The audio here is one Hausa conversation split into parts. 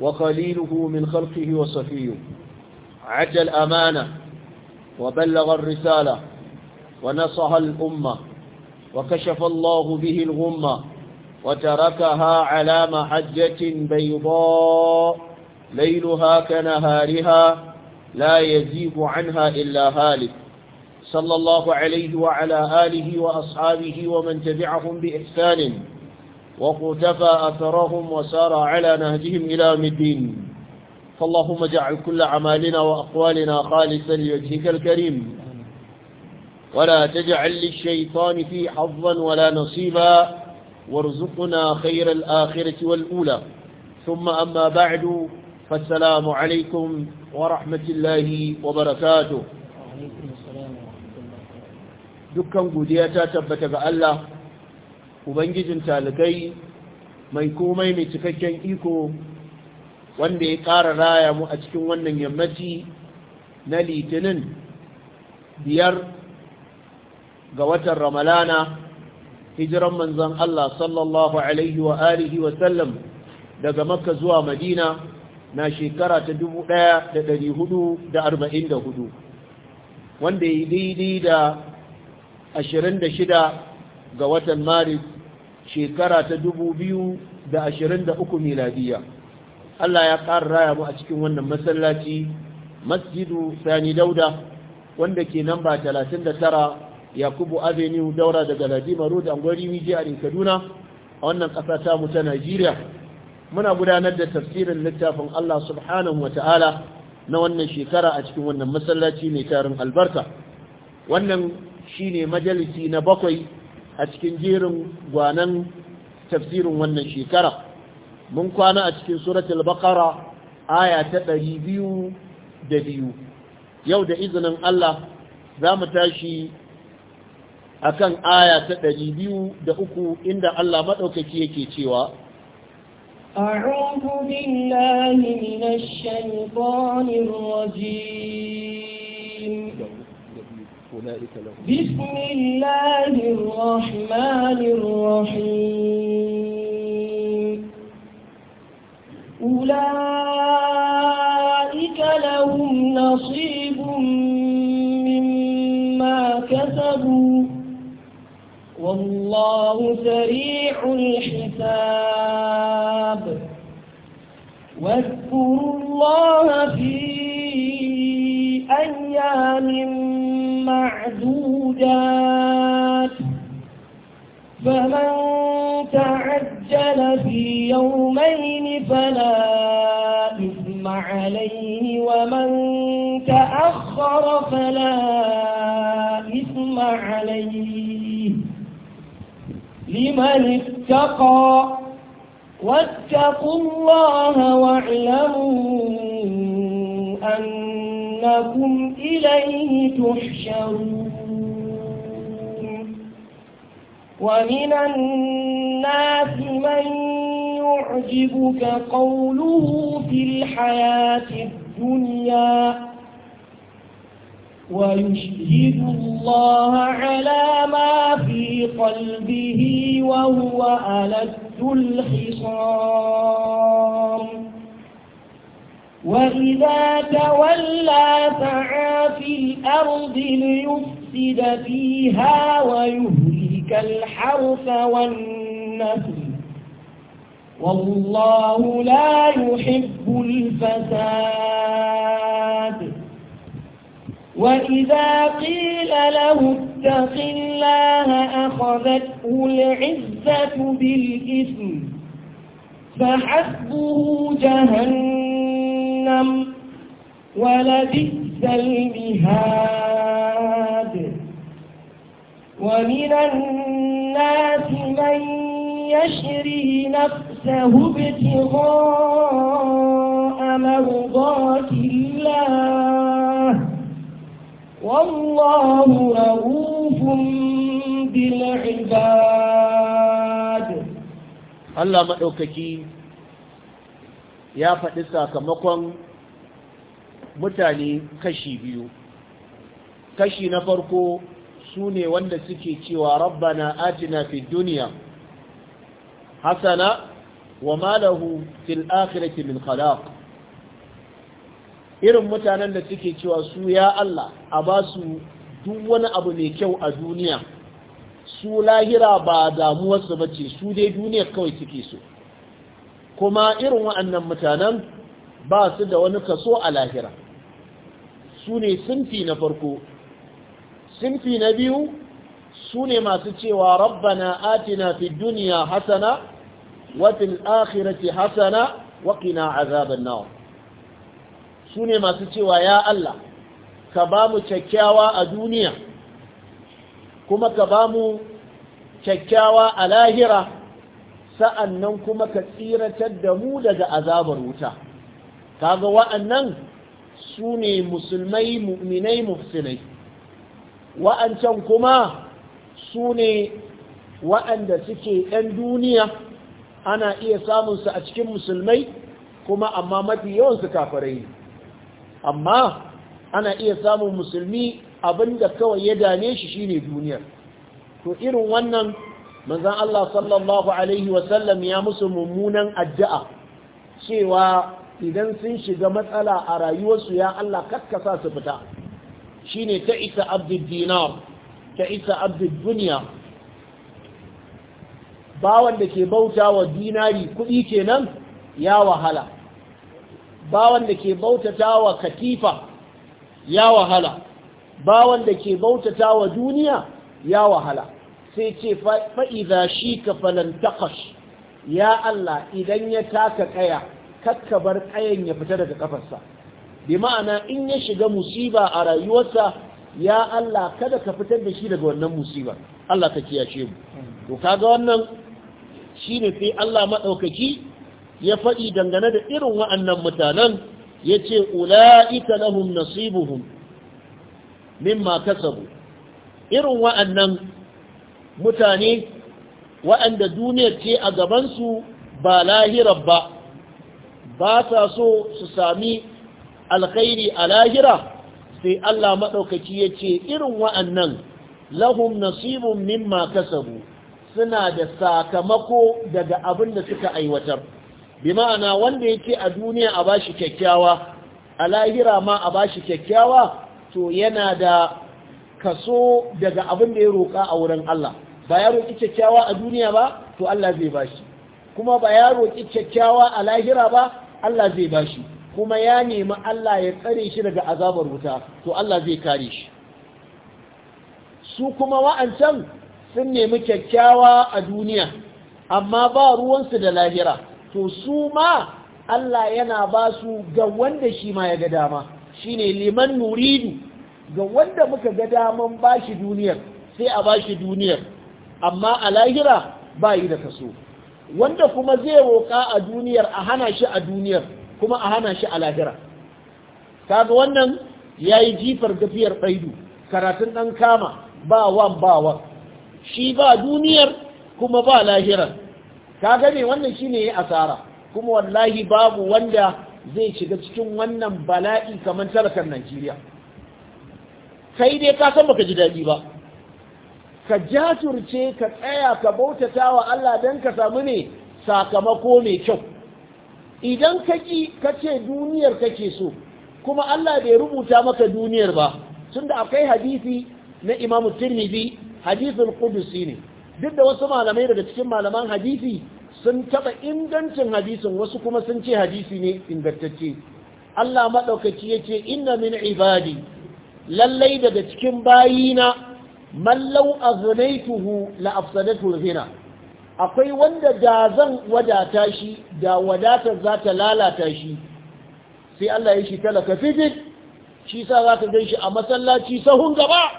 وخليله من خلقه وصفيه عجل الأمانة وبلغ الرسالة ونصح الأمة وكشف الله به الغمة وتركها على محجة بيضاء ليلها كنهارها لا يزيب عنها إلا هالك صلى الله عليه وعلى آله وأصحابه ومن تبعهم بإحسان وقتفى أثرهم وسار على نهجهم إلى مدين فاللهم اجعل كل عمالنا وأقوالنا خالصا لوجهك الكريم ولا تجعل للشيطان في حظا ولا نصيبا وارزقنا خير الآخرة والأولى ثم أما بعد فالسلام عليكم ورحمة الله وبركاته دكا قدياتا تبتك الله ubangijin talikai mai komai mai cikakken iko wanda ya ƙara raya mu a cikin wannan yammaci na litinin biyar ga watan ramalana hijiran manzan Allah sallallahu alaihi wa alihi wa sallam daga makka zuwa madina na shekara ta hudu, wanda ya daidai da shida ga watan maris shekara ta dubu biyu da da ashirin uku miladiya Allah ya ƙara raya mu a cikin wannan masallaci masjidu sani dauda wanda ke namba tara yakubu avenue daura daga ladima road angwari miji a kaduna a wannan ƙasa ta mu ta najeriya muna gudanar da tafsirin littafin Allah subhanahu wa ta'ala na wannan shekara a cikin wannan masallaci mai tarin albarka wannan shine majalisi na bakwai a cikin jerin gwanan tafsirin wannan shekara mun kwana a cikin suratul baqara aya ta ɗari biyu da biyu yau da izinin Allah za mu tashi akan aya ta ɗari biyu da uku inda Allah maɗaukaki yake cewa أعوذ بالله من الشيطان الرجيم أولئك لهم بسم الله الرحمن الرحيم أولئك لهم نصيب مما كسبوا والله سريع الحساب واذكروا الله في أيام معدودات فمن تعجل في يومين فلا إثم عليه ومن تأخر فلا إثم عليه لمن اتقى واتقوا الله واعلموا أن أنكم إليه تحشرون ومن الناس من يعجبك قوله في الحياة الدنيا ويشهد الله على ما في قلبه وهو ألد الخصام وإذا تولى سعى في الأرض ليفسد فيها ويهلك الحرث والنسل والله لا يحب الفساد وإذا قيل له اتق الله أخذته العزة بالإثم فحسبه جهنم جهنم ولبئس المهاد ومن الناس من يشري نفسه ابتغاء مرضات الله والله رؤوف بالعباد الله مأوككي ya faɗi sakamakon mutane kashi biyu kashi na farko su ne wanda suke cewa rabbana atina fi duniya hasana wa malahu fil akhirati min khalaq irin mutanen da suke cewa su ya Allah a ba su duk wani abu mai kyau a duniya su lahira ba damuwarsu bace su dai duniya kawai suke so kuma irin wa'annan mutanen ba su da wani kaso a lahira su ne sinfi na farko sinfi na biyu su ne masu cewa rabbana atina fi duniya hasana wa fil akhirati hasana waƙina azabin nawa. su ne masu cewa ya Allah ka ba mu kyakkyawa a duniya kuma ka ba mu kyakkyawa a lahira sa'annan kuma ka tsiratar da mu daga azabar wuta kaga wa'annan su ne musulmai mu'minai mufsinai wa'ancan kuma su ne wa'anda suke yan duniya ana iya samunsu a cikin musulmai kuma amma mafi yawansu kafarai amma ana iya samun musulmi abinda kawai ya dane shi shine duniyar to irin wannan manzan Allah sallallahu Alaihi wasallam ya musu mummunan addu'a cewa idan sun shiga matsala a rayuwarsu ya Allah kakkasa su fita shi ne ta isa abdul dinar ta isa abdul duniya bawan da ke bauta wa dinari kudi kenan ya wahala bawan da ke bautata wa katifa ya wahala bawan da ke bautata wa duniya ya wahala sai ce fa'iza shi ka falantakash ya Allah idan ya taka kaya kakkabar kayan ya fita daga kafarsa bi ma'ana in ya shiga musiba a rayuwarsa ya Allah kada ka fitar da shi daga wannan musiba Allah ka kiyace mu to kaga wannan shine sai Allah madaukaki ya faɗi dangane da irin wa'annan mutanen yace ulaika lahum nasibuhum mimma kasabu irin wa'annan mutane waɗanda duniyar ce a gabansu ba lahirar ba ba ta so su sami alkhairi a lahira sai Allah maɗaukaci ya ce irin waɗannan lahum nasibun mimma kasabu suna da sakamako daga abin da suka aiwatar bi ma'ana wanda ce a duniya a bashi kyakkyawa a lahira ma a bashi kyakkyawa to yana da kaso daga abin da ya roƙa a wurin Allah ba ya roƙi kyakkyawa a duniya ba to Allah zai bashi kuma ba ya roƙi kyakkyawa a lahira ba Allah zai bashi kuma ya nemi Allah ya tsare shi daga azabar wuta to Allah zai kare shi su kuma wa'ancan sun nemi kyakkyawa a duniya amma ba ruwansu da lahira to su ma Allah yana ba su ga wanda shi ma ya ga dama shine liman nuridu ga wanda muka ga daman bashi duniyar sai a bashi duniyar amma a lahira ba yi da kaso wanda kuma zai roƙa a duniyar a hana shi a duniyar kuma a hana shi a lahira kaga wannan ya yi jifar gafiyar ɗaidu karatun ɗan kama ba wan ba wan shi ba duniyar kuma ba lahirar kaga ne wannan shi ne asara kuma wallahi babu wanda zai shiga cikin wannan bala'i kamar talakan najeriya kai dai ka san baka ji daɗi ba ka jajurce ka tsaya ka bautata wa Allah don ka samu ne sakamako mai kyau idan ka ki ka ce duniyar kake so kuma Allah bai rubuta maka duniyar ba tunda akwai hadisi na Imam Tirmidhi hadisul Qudusi ne duk da wasu malamai daga cikin malaman hadisi sun taba ingancin hadisin wasu kuma sun ce hadisi ne ingantacce Allah madaukaki yace inna min ibadi lallai daga cikin bayina Mallau law aghnaytuhu la afsadatu akwai wanda da zan wadata shi da wadatar za ta lalata shi sai Allah ya shi talaka fitik shi sa za ta ganshi a masallaci sahun gaba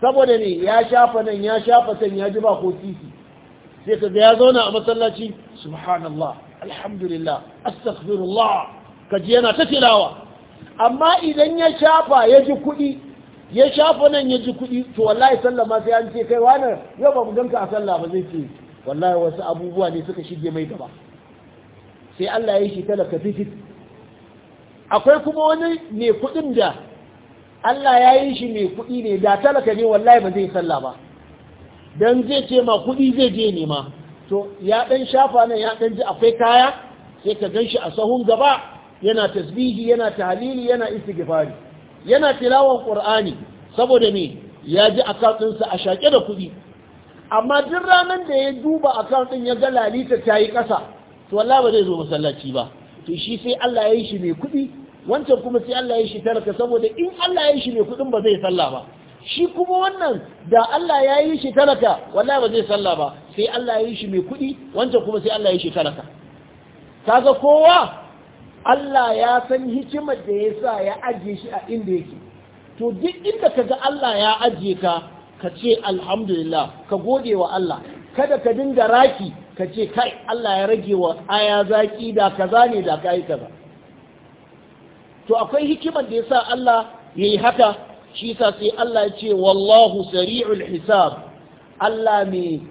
saboda ne ya shafa nan ya shafa san ya ji ba ko titi sai kaga ya zauna a masallaci subhanallah alhamdulillah astaghfirullah kaji yana ta tilawa amma idan ya shafa ya ji kuɗi ya shafa nan ya ji kuɗi to wallahi sallah ma sai an ce kai wani yau ba mu ganka a sallah ba zai ce wallahi wasu abubuwa ne suka shige mai gaba sai Allah ya shi talaka fitit akwai kuma wani mai kuɗin da Allah ya yi shi mai kuɗi ne da talaka ne wallahi ba zai sallah ba dan zai ce ma kuɗi zai je ma to ya ɗan shafa nan ya ɗan ji akwai kaya sai ka gan shi a sahun gaba yana tasbihi yana tahlili yana istighfari yana tilawan ƙur'ani saboda me ya ji akauntinsa a shaƙe da kuɗi amma duk ranar da ya duba akauntin ya ga lalita ta yi ƙasa to wallahi ba zai zo masallaci ba to shi sai Allah ya yi shi mai kuɗi wancan kuma sai Allah ya yi shi talaka saboda in Allah ya yi shi mai kuɗin ba zai salla ba shi kuma wannan da Allah ya yi shi talaka wallahi ba zai salla ba sai Allah ya yi shi mai kuɗi wancan kuma sai Allah ya yi shi talaka kaga kowa Allah ya san hikimar da ya sa ya ajiye shi a inda yake to duk inda ka ga Allah ya ajiye ka ka ce alhamdulillah ka gode wa Allah kada ka dinga raki ka ce kai Allah ya rage wa aya zaki da kaza ne da kai kaza to akwai hikimar da ya sa Allah ya yi haka shi sa sai Allah ya ce wallahu sari'ul hisab Allah mai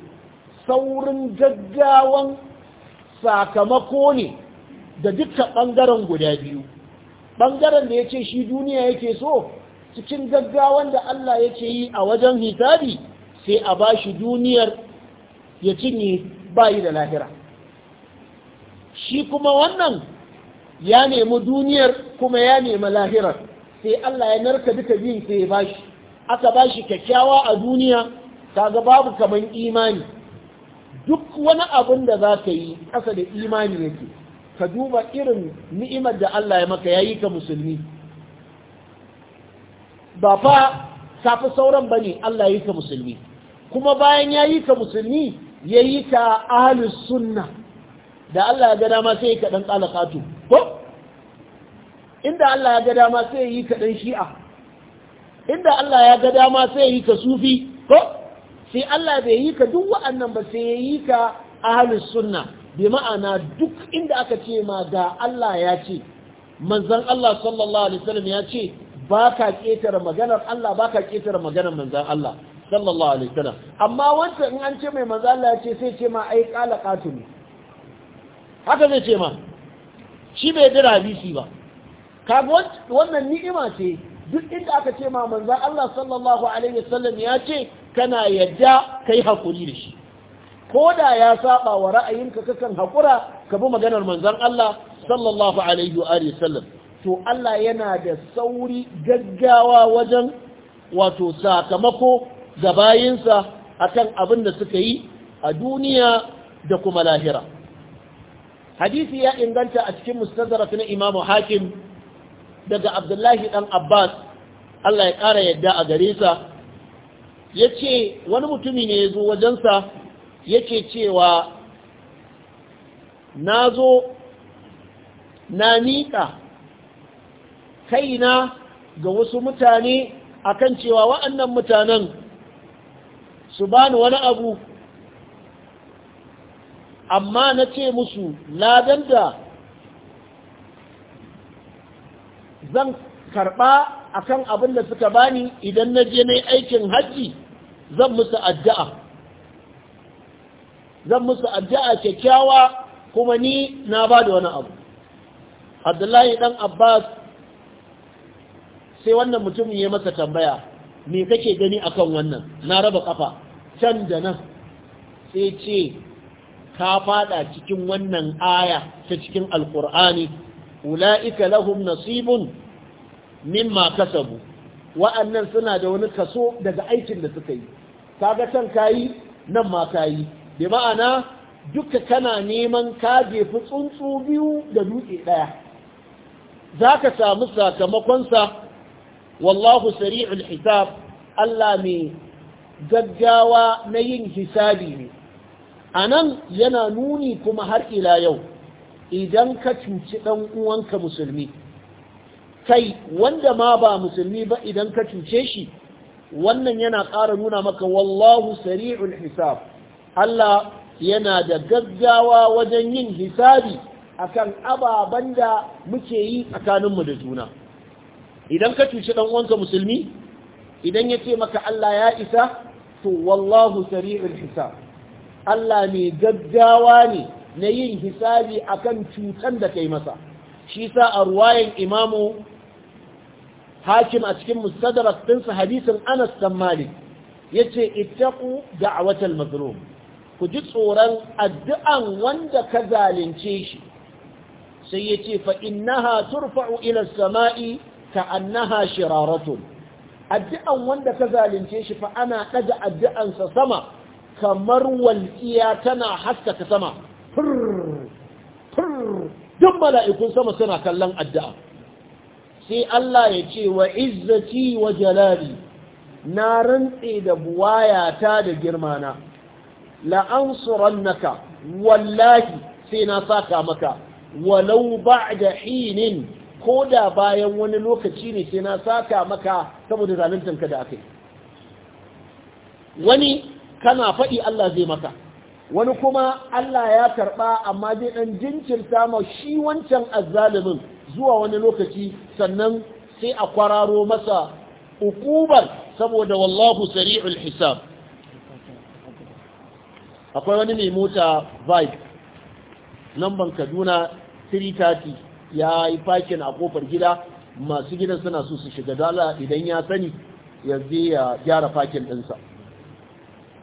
saurin gaggawan sakamako ne da dukkan bangaren guda biyu Bangaren da ya shi duniya yake so cikin gaggawan da Allah yake yi a wajen hisabi sai a ba shi duniyar ya cinye bayi da lahira shi kuma wannan ya nemi duniyar kuma ya nemi lahirar sai Allah ya narka duka biyun sai ya bashi. aka bashi shi kyakkyawa a duniya kaga babu kaman imani duk wani abin da za ka yi ƙasa da imani yake ka duba irin ni'imar da Allah ya maka yayi ka musulmi ba fa kafi sauran bane Allah yayi ka musulmi kuma bayan yayi ka musulmi yayi ka ahlus sunna da Allah ya ga dama sai ka dan kalakatu ko inda Allah ya ga dama sai yi ka dan shi'a inda Allah ya ga dama sai yi ka sufi ko sai Allah bai yi ka duk wa'annan ba sai yi ka ahlus sunna bi ma'ana duk inda aka ce ma ga Allah ya ce manzan Allah sallallahu alaihi wasallam ya ce ba ka ƙetare maganar Allah ba ka ƙetare maganar manzan Allah sallallahu alaihi wasallam amma wanda in an ce mai manzan Allah ya ce sai ce ma ai qala qatul haka zai ce ma shi bai dira bisi ba kaga wannan ni'ima ce duk inda aka ce ma manzan Allah sallallahu alaihi wasallam ya ce kana yadda kai hakuri da shi ko da ya saba wa ra'ayinka kakan haƙura ka bi maganar manzon Allah sallallahu alaihi wa sallam to Allah yana da sauri gaggawa wajen wato sakamako ga bayinsa akan abin da suka yi a duniya da kuma lahira hadisi ya inganta a cikin mustadrak na Imam Hakim daga Abdullahi ɗan Abbas Allah ya ƙara yadda a gare sa ce wani mutumi ne ya zo wajensa yake cewa na zo na miƙa kaina ga wasu mutane akan cewa wa'annan mutanen su bani wani abu amma na ce musu ladan da zan karɓa akan abin da suka bani idan na je na aikin hajji zan musu addu'a zan musu addu'a kyakkyawa kuma ni na ba da wani abu abdullahi dan abbas sai wannan mutumin ya masa tambaya me kake gani akan wannan na raba kafa can da nan sai ce ka fada cikin wannan aya ta cikin alkur'ani ula'ika lahum nasibun mimma kasabu wa'annan suna da wani kaso daga aikin da suka yi Ka kaga san kayi nan ma kayi bi ma'ana duka kana neman ka fi tsuntsu biyu da dutse ɗaya za ka samu sakamakonsa wallahu sari'ul hisab Allah mai gaggawa na yin hisabi ne a nan yana nuni kuma har ila yau idan ka cuci ɗan uwanka musulmi kai wanda ma ba musulmi ba idan ka cuce shi wannan yana ƙara nuna maka wallahu sari'ul hisab Allah yana da gaggawa wajen yin hisabi akan ababen da muke yi tsakaninmu da juna idan ka cuci ɗan uwanka musulmi idan ya ce maka Allah ya isa to wallahu sari'ul hisab Allah mai gaggawa ne na yin hisabi akan cutan da kai masa shi sa a ruwayan imamu hakim a cikin mustadrak din hadisin Anas ce Malik yace a watan mazlum ku ji tsoron addu'an wanda ka zalunce shi sai ya ce fa'innaha turfa'u ila sama'i ka annaha shiraratun addu'an wanda ka zalunce shi fa ana ɗaga addu'ansa sama kamar walƙiya tana haskaka sama duk mala'ikun sama suna kallon addu'a sai Allah ya ce wa izzati wa jalali na rantse da buwayata da girmana la'ansurannaka wallahi sai na saka maka walau ba'da hinin ko da bayan wani lokaci ne sai na saka maka saboda ka da akai wani kana faɗi Allah zai maka wani kuma Allah ya karɓa amma zai ɗan jinkirta ma shi wancan azzalumin zuwa wani lokaci sannan sai a kwararo masa ukubar saboda wallahu sari'ul hisab akwai wani mai mota vibe namban kaduna 330 ya yi fakin a kofar gida masu gidan suna so su shiga dala idan ya sani ya zai ya gyara fakin ɗinsa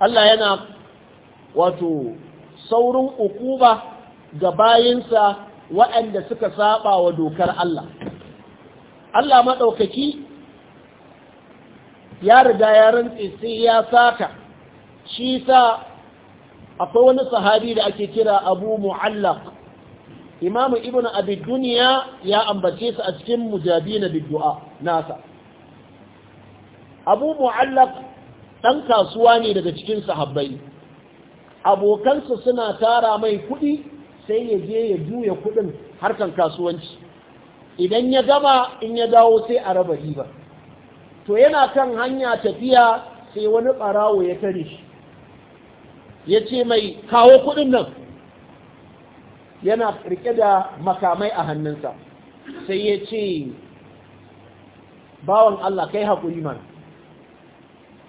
Allah yana wato saurin ukuba ga bayinsa waɗanda suka saba wa dokar Allah Allah maɗaukaki ya riga ya rantse sai ya saka shi sa akwai wani sahabi da ake kira abu mu'allaq imamu ibn abi duniya ya ambace su a cikin mujabina biddu'a nasa abu mu'allaq dan kasuwa ne daga cikin sahabbai abokansa suna tara mai kudi sai ya je ya juya kudin harkan kasuwanci idan ya gama in ya dawo sai a raba riba to yana kan hanya tafiya sai wani barawo ya tare shi ya ce mai kawo kudin nan yana rike da makamai a hannunsa sai ya ce bawan Allah kai haƙuri man.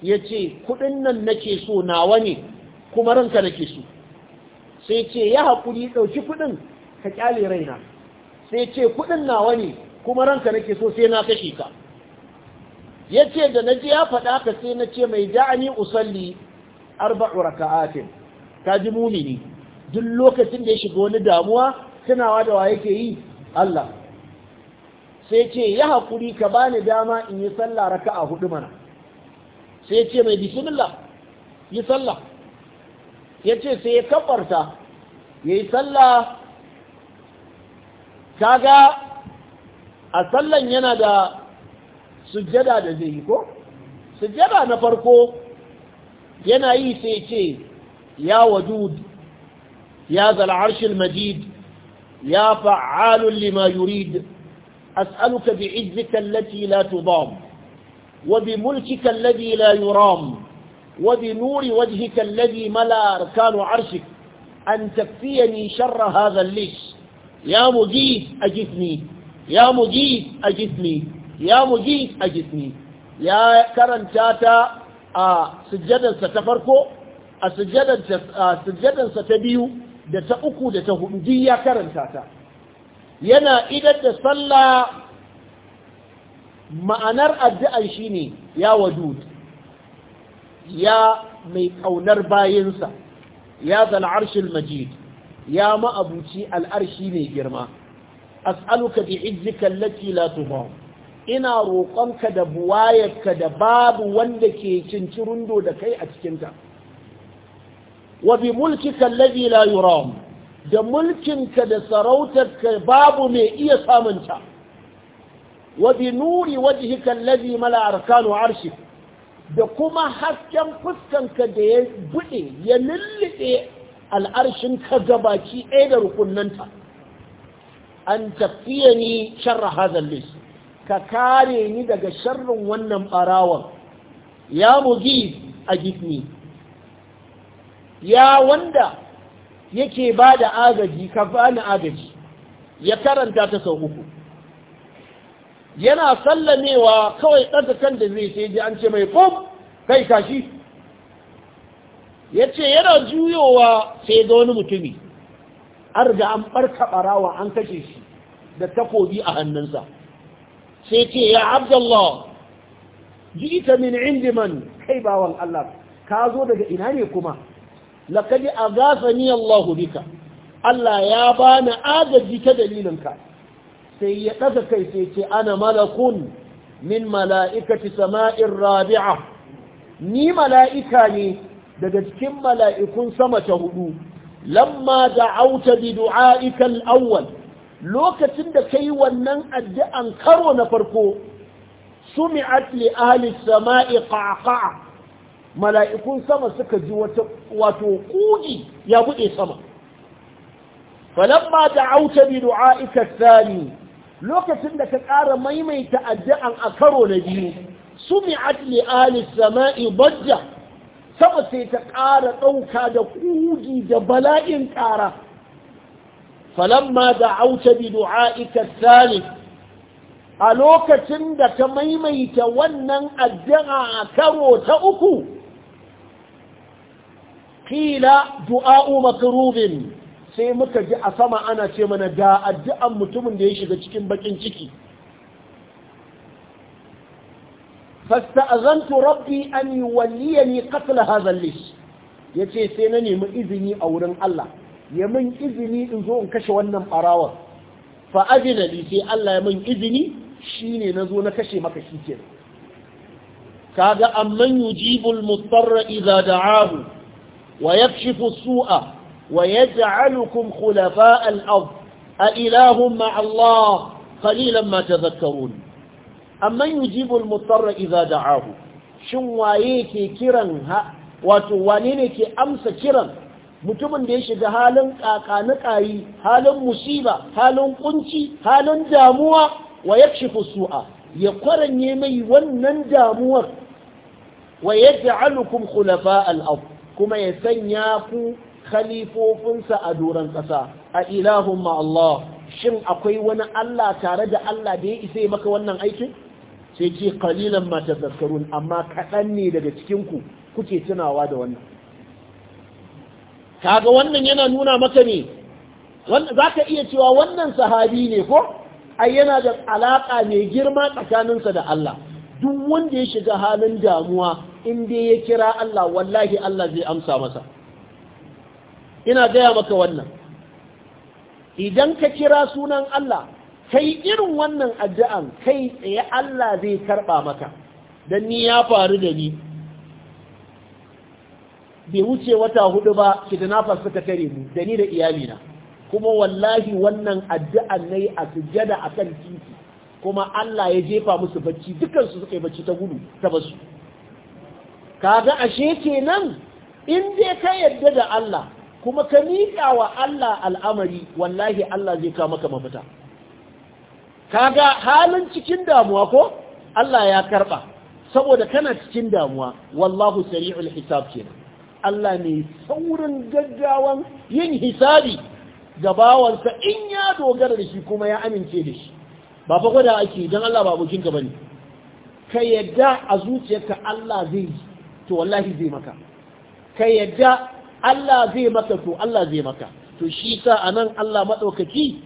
ya ce kudin nan nake so nawa ne kuma ranka nake so sai ce ya haƙuri ɗauki kudin ka ƙyale raina sai ce kudin nawa ne kuma ranka nake so sai na kashe ka ya ce da na ji ya faɗa ka sai na ce mai ja'ani usalli arba'u raka'atin kaji mumini duk lokacin da ya shiga wani damuwa tunawa da wa yake yi Allah sai ce ya hakuri ka bani dama in yi sallah raka'a hudu mana sai ce mai bismillah yi sallah ya ce sai ya kafarta ya yi sallah kaga a sallan yana da sujjada da zai yi ko sujjada na farko yana yi sai ce ya wajud ya zal arshil majid ya fa'alun lima yurid أسألك بعزك التي لا تضام وبملكك الذي لا يرام وبنور وجهك الذي ملا أركان عرشك أن تكفيني شر هذا اللش يا مجيد أجثني يا مجيد أجثني يا مجيد أجثني يا كرنتاتا a sujjadansa ta farko a sujjadansa ta biyu da ta uku da ta hudu duk ya karanta ta yana idan da sallah ma'anar shi shine ya wadud ya mai kaunar bayinsa ya zal arshil majid ya ma'abuci al'arshi mai girma as'aluka bi'izzika allati la tubam ina roƙonka da buwayarka da babu wanda ke cincirundo da kai a cikinta wa bi mulkika allazi la yuram da mulkinka da sarautarka babu mai iya samunta wa bi nuri wajhika allazi mala arkanu arshi da kuma hasken fuskanka da ya bude ya lullube al'arshinka gabaki ɗaya da rukunnanta an ni sharra hadha lis ka kare ni daga sharrin wannan barawan ya mugi a gifni ya wanda yake ba da agaji ka bani agaji ya karanta ta sau uku yana sallamewa kawai ɗaga kan da zai sai ji an ce mai kom kai kashi ya ce yana juyowa sai ga wani mutumi Arga an ɓarka ɓarawa an kashe shi da takobi a hannunsa sai ce ya abdallah jita min indi man kai bawan Allah ka zo daga ina ne kuma laqad azafani Allah bika Allah ya bani agaji ta dalilinka sai ya daga kai sai ce ana malakun min mala'ikaci sama'in rabi'a ni mala'ika ne daga cikin mala'ikun sama ta hudu lamma da'auta bi du'a'ika awwal lokacin da yi wannan addu'an karo na farko sumi'at li ahli sama'i qaqa'a mala'ikun sama suka ji wato kugi ya bude sama falamma da'awta bi du'a'ika thani lokacin da ka ƙara maimaita addu'an a karo na biyu sumi'at li ahli sama'i bajja sama sai ta ƙara ɗauka da ƙugi da bala'in ƙara falamma da'auta bi du'aika salih a lokacin da ka maimaita wannan addu'a a karo ta uku qila du'a'u makrubin sai muka ji a sama ana ce mana da addu'an mutumin da ya shiga cikin bakin ciki Fasta azantu rabbi an yuwalliyani qatl hadha al Ya yace sai na nemi izini a wurin Allah ya min izini in zo in kashe wannan barawon fa azina li sai Allah ya min izini shine nazo na kashe maka shi kenan kaga amman yujibul mutarra idza da'ahu wa yakshifu as-su'a wa yaj'alukum khulafa'a al-ard a ilahum Allah qalilan ma tadhakkarun amman yujibul mutarra idza da'ahu shin waye ke kiran ha wato wane ne ke amsa kiran mutumin da ya shiga halin ƙaƙanikayi halin musiba halin ƙunci, halin damuwa wa ya su'a ya kwaranye mai wannan damuwar wa ya alukun kulafa al'ab kuma ya sanya ku khalifofinsa a doron ƙasa a ilahun Allah shin akwai wani Allah tare da Allah da ya isa maka wannan aikin sai ce kalilan ma tazakkarun amma kaɗan ne daga cikinku kuke tunawa da wannan kaga wannan yana nuna maka ne za ka iya cewa wannan sahabi ne ko ai yana da alaƙa mai girma tsakaninsa da Allah duk wanda ya shiga halin damuwa in dai ya kira Allah wallahi Allah zai amsa masa ina gaya maka wannan idan ka kira sunan Allah kai irin wannan addu'an kai tsaye Allah zai karɓa maka don ni ya faru da ni bai wuce wata hudu ba kidnappers suka tare mu da ni da iyalina kuma wallahi wannan addu'an nayi a sujjada akan titi kuma Allah ya jefa musu bacci dukan su suka yi bacci ta gudu ta basu kaga ashe kenan in dai ka yarda da Allah kuma ka miƙa wa Allah al'amari wallahi Allah zai kawo maka mafita kaga halin cikin damuwa ko Allah ya karba saboda kana cikin damuwa wallahu sari'ul hisab kenan Allah mai saurin gaggawan yin hisabi ga bawansa in ya dogara da shi kuma ya amince da shi ba fa gwada ake don Allah ba abokinka ba ne ka yadda a zuciyarka Allah zai yi to wallahi zai maka ka yadda Allah zai maka to Allah zai maka to shi sa a nan Allah maɗaukaki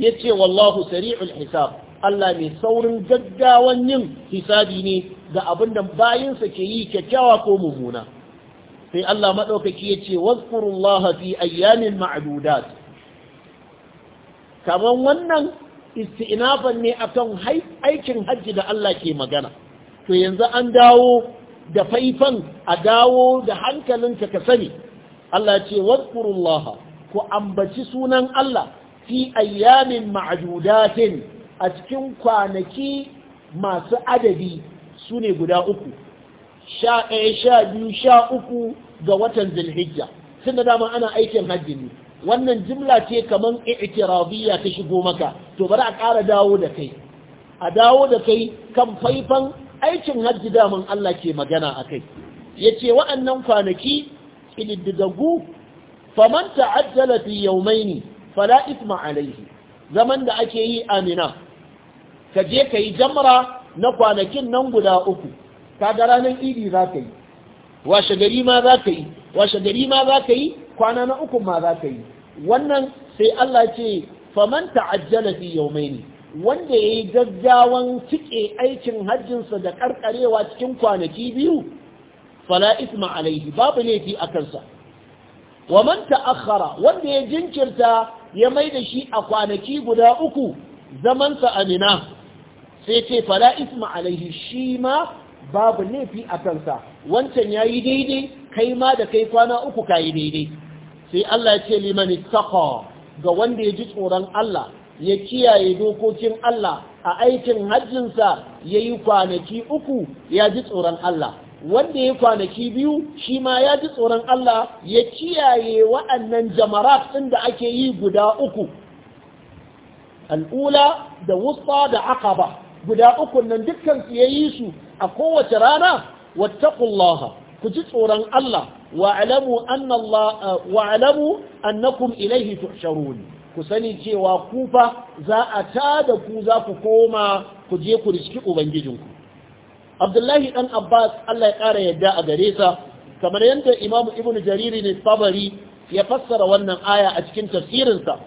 ya ce wallahu sari'ul hisab Allah mai saurin gaggawan yin hisabi ne ga abin da bayinsa ke yi kyakkyawa ko mummuna sai Allah maɗaukaki ya ce wazkurullah fi ayyamin ma'dudat Kamar wannan isti'nafan ne akan aikin hajji da Allah ke magana to yanzu an dawo da faifan a dawo da hankalinka ka sani Allah ce wazkurullah ku ambaci sunan Allah fi ayyamin ma'dudatin a cikin kwanaki masu adadi su ne guda uku sha ɗaya sha biyu sha uku ga watan zilhijja sun da dama ana aikin hajji ne wannan jimla ce kamar i'tirabiyya ta shigo maka to bari a ƙara dawo da kai a dawo da kai kan faifan aikin hajji daman Allah ke magana a kai ya wa'annan kwanaki ƙididdigaggu faman ta'ajjala fi yawmaini fala isma alayhi zaman da ake yi amina ka je ka jamra na kwanakin nan guda uku kaga ranar idi za ka yi washe gari ma za ka yi washe gari ma za ka yi kwana na uku ma za ka yi wannan sai Allah ce faman ta'ajjala fi yawmaini wanda yayi gaggawan cike aikin hajjinsa da karkarewa cikin kwanaki biyu fala isma alaihi babu laifi a kansa wa man ta'akhkhara wanda ya jinkirta ya mai da shi a kwanaki guda uku zamansa amina sai ce fala isma alaihi shi ma babu laifi a kansa wancan ya yi daidai kai ma da kai kwana uku ka yi daidai sai Allah ya ce liman ittaqa ga wanda ya ji tsoron Allah ya kiyaye dokokin Allah a aikin hajjinsa ya yi kwanaki uku ya ji tsoron Allah wanda ya kwanaki biyu shi ma ya ji tsoron Allah ya kiyaye waɗannan jamarat ɗin da ake yi guda uku al'ula da wusta da aqaba guda uku nan dukkan su ya yi su a kowace rana wattaqullaha ku ji tsoron Allah wa annakun anna Allah eh, annakum ku sani cewa ku fa za a da ku za ku koma ku je ku riski ubangijinku Abdullahi ɗan Abbas Allah ya ƙara yadda a gare sa kamar yadda Imam Ibn jariri ne fabari ya fassara wannan aya a cikin tafsirinsa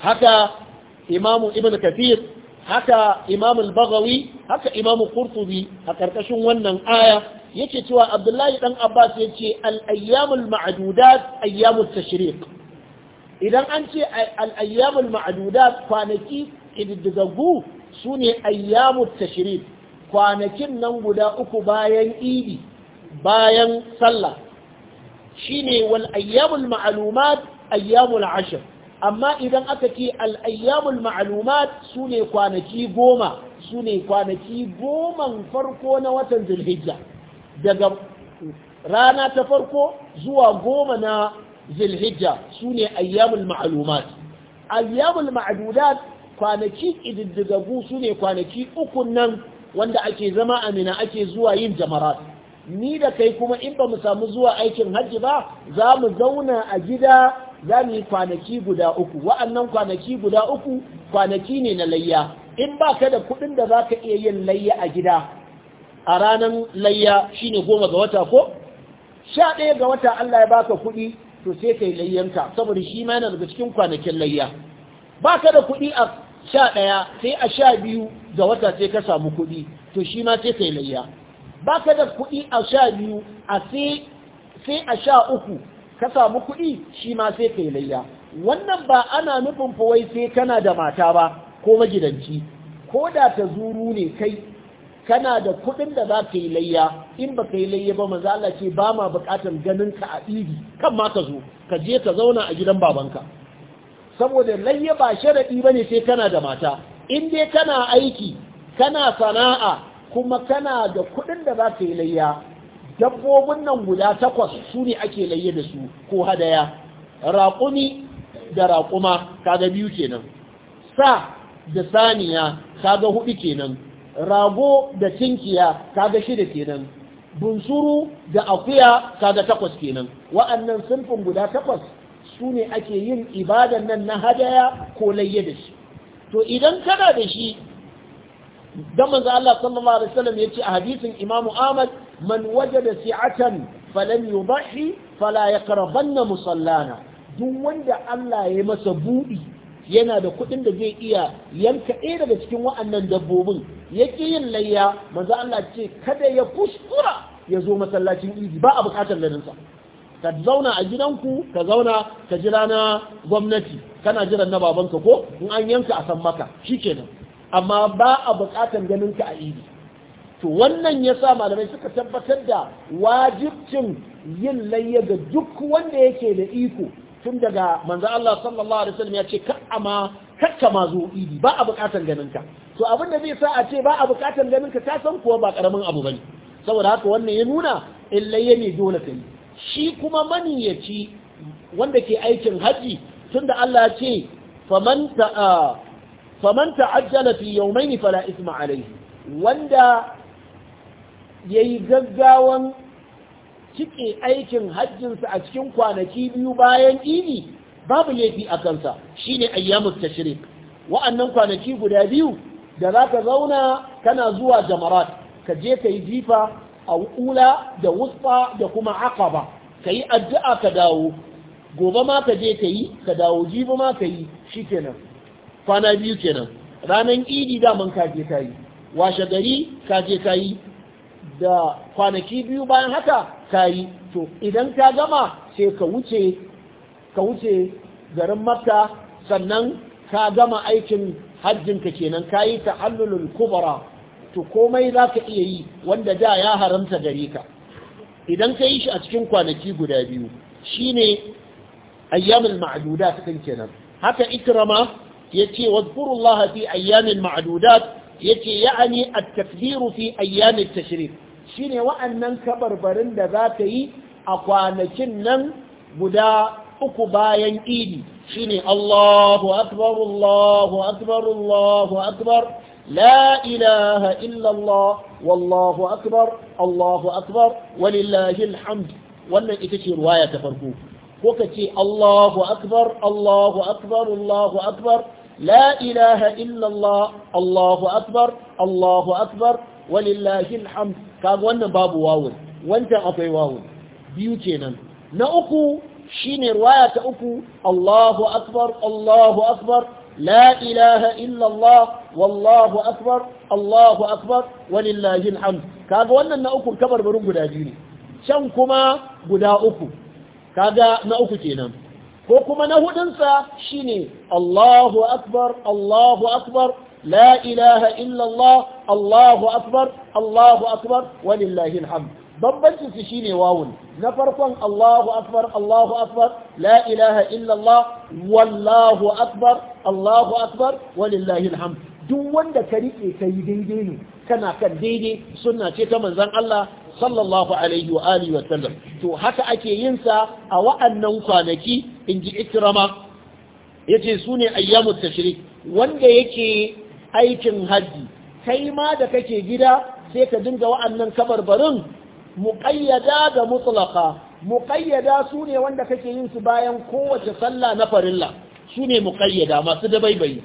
haka Imam Ibn kafir haka imam al-baghawi haka imam qurtubi a karkashin wannan aya yake cewa abdullahi dan abbas yace al-ayyamul ma'dudat ayyamut tashriq idan an ce al-ayyamul ma'dudat kwanaki kididdigaggu sune ayyamut tashriq kwanakin nan guda uku bayan idi bayan sallah shine wal ayyamul ma'lumat ayyamul ashr amma idan aka ce al'ayyamul ma'alumat su ne kwanaki goma su ne kwanaki goman farko na watan zilhijja daga rana ta farko zuwa goma na zilhijja su ne ayyamul ma'alumat ayyamul ma'adudat kwanaki ididdigagu su ne kwanaki ukun nan wanda ake zama amina ake zuwa yin jamarat ni da kai kuma in ba mu samu zuwa aikin hajji ba za mu zauna a gida za mu yi kwanaki guda uku wa'annan kwanaki guda uku kwanaki ne na layya in ba ka da kuɗin da za ka iya yin layya a gida a ranar layya shi ne goma ga wata ko sha ɗaya ga wata Allah ya baka kuɗi to sai ka yi layyanka saboda shi ma yana daga cikin kwanakin layya ba ka da kuɗi a sha ɗaya sai a sha biyu ga wata sai ka samu kuɗi to shi ma sai ka yi layya ba ka da kuɗi a sha biyu a sai a sha uku ka samu kuɗi shi ma sai ka yi layya wannan ba ana nufin fa sai kana da mata ba ko magidanci ko da ta zuru ne kai kana da kuɗin da za ka yi layya in ba ka yi layya ba maza Allah ce ba ma buƙatar ganin ka a ɗigi kan ma ka zo ka je ka zauna a gidan babanka saboda layya ba sharaɗi ba ne sai kana da mata in dai kana aiki kana sana'a kuma kana da kuɗin da za ka yi layya dabbobin nan guda takwas su ne ake laye da su ko hadaya raƙumi da raƙuma kaga biyu kenan sa da saniya kaga hudu kenan rago da tinkiya kaga shida kenan bunsuru da akuya kaga takwas kenan wa'annan sunfin guda takwas su ne ake yin ibadan nan na hadaya ko layye da shi to idan kana da shi dan manzo Allah sallallahu alaihi wasallam yace a hadisin Imam Ahmad man wajada si'atan falan yudhi fala na musallana duk wanda Allah ya masa buɗi yana da kuɗin da zai iya yanka ɗaya daga cikin wa'annan dabbobin ya ƙi yin layya manzo Allah ce kada ya kuskura ya zo masallacin idi ba a buƙatar laninsa ka zauna a gidanku ka zauna ka jira na gwamnati kana jiran na babanka ko in an yanka a san maka shikenan amma ba a buƙatar ganinka a idi to wannan ya sa malamai suka tabbatar da wajibcin yin layya ga duk wanda yake da iko tun daga manzo Allah sallallahu alaihi wasallam ya ce ka'ama kakkama zo idi ba a bukatan ganinka to abin da zai sa a ce ba a bukatan ganinka ka san kuwa ba karamin abu bane saboda haka wannan ya nuna in layya ne dole ka yi shi kuma maniyaci wanda ke aikin haji tunda Allah ya ce faman ta faman ta'ajjala fi yawmayn fala isma alayhi wanda ya yi gaggawan cike aikin hajjinsa a cikin kwanaki biyu bayan idi babu laifi a kansa shi ne ayyamus shirin. wa'annan kwanaki guda biyu da za ka zauna kana zuwa jamarat ka je ka yi jifa a ula da wusfa da kuma aqaba ka yi addu'a ka dawo gobe ma ka je ka yi ka dawo jibi ma ka yi shi kenan kwana biyu kenan ranar idi daman ka je ka yi washe gari ka je ka da kwanaki biyu bayan haka kayi to idan ka gama sai ka wuce ka wuce garin makka sannan ka gama aikin hajjinka kenan kayi tahallulul kubra to komai za ka iya yi wanda da ya haramta gare ka idan ka yi shi a cikin kwanaki guda biyu shine ayyamin ma'dudat kan kenan haka ikrama yace wadhkurullaha fi ayyamin ma'dudat yace ya'ani a takbiru fi ayyam tashirif tashrif shine wa'annan kabarbarin da za ka yi a kwanakin nan guda uku bayan idi shine Allahu akbar Allahu akbar Allahu akbar la ilaha illallah! wallahu akbar Allahu akbar walillahi alhamd wannan ita ce ruwaya ta farko ko ka ce Allahu akbar Allahu akbar Allahu akbar لا إله إلا الله الله أكبر الله أكبر ولله الحمد كاب وانا باب واون وانت أطي واون بيوتينا نأكو شين رواية أكو الله أكبر الله أكبر لا إله إلا الله والله أكبر الله أكبر ولله الحمد كاب وانا نأكو كبر برون قدا جيني شنكما قدا أكو كذا نأكو تينا ko kuma na hudunsa shine Allahu akbar Allahu akbar la ilaha illallah Allahu akbar Allahu akbar walillahi alhamd babbancin su shine wawun na farkon Allahu akbar Allahu akbar la ilaha illallah wallahu akbar Allahu akbar walillahi alhamd duk wanda ka rike kai daidai ne kana kan daidai sunna ce ta manzon Allah sallallahu alaihi wa alihi wa sallam to haka ake yin sa a wa'annan kwanaki inji ikrama yace sune ayyamut tashrik wanda yake aikin haji kai ma da kake gida sai ka dinga wa'annan kabarbarin muqayyada da mutlaqa muqayyada sune wanda kake yin su bayan kowace sallah na farilla sune muqayyada masu dabaibayi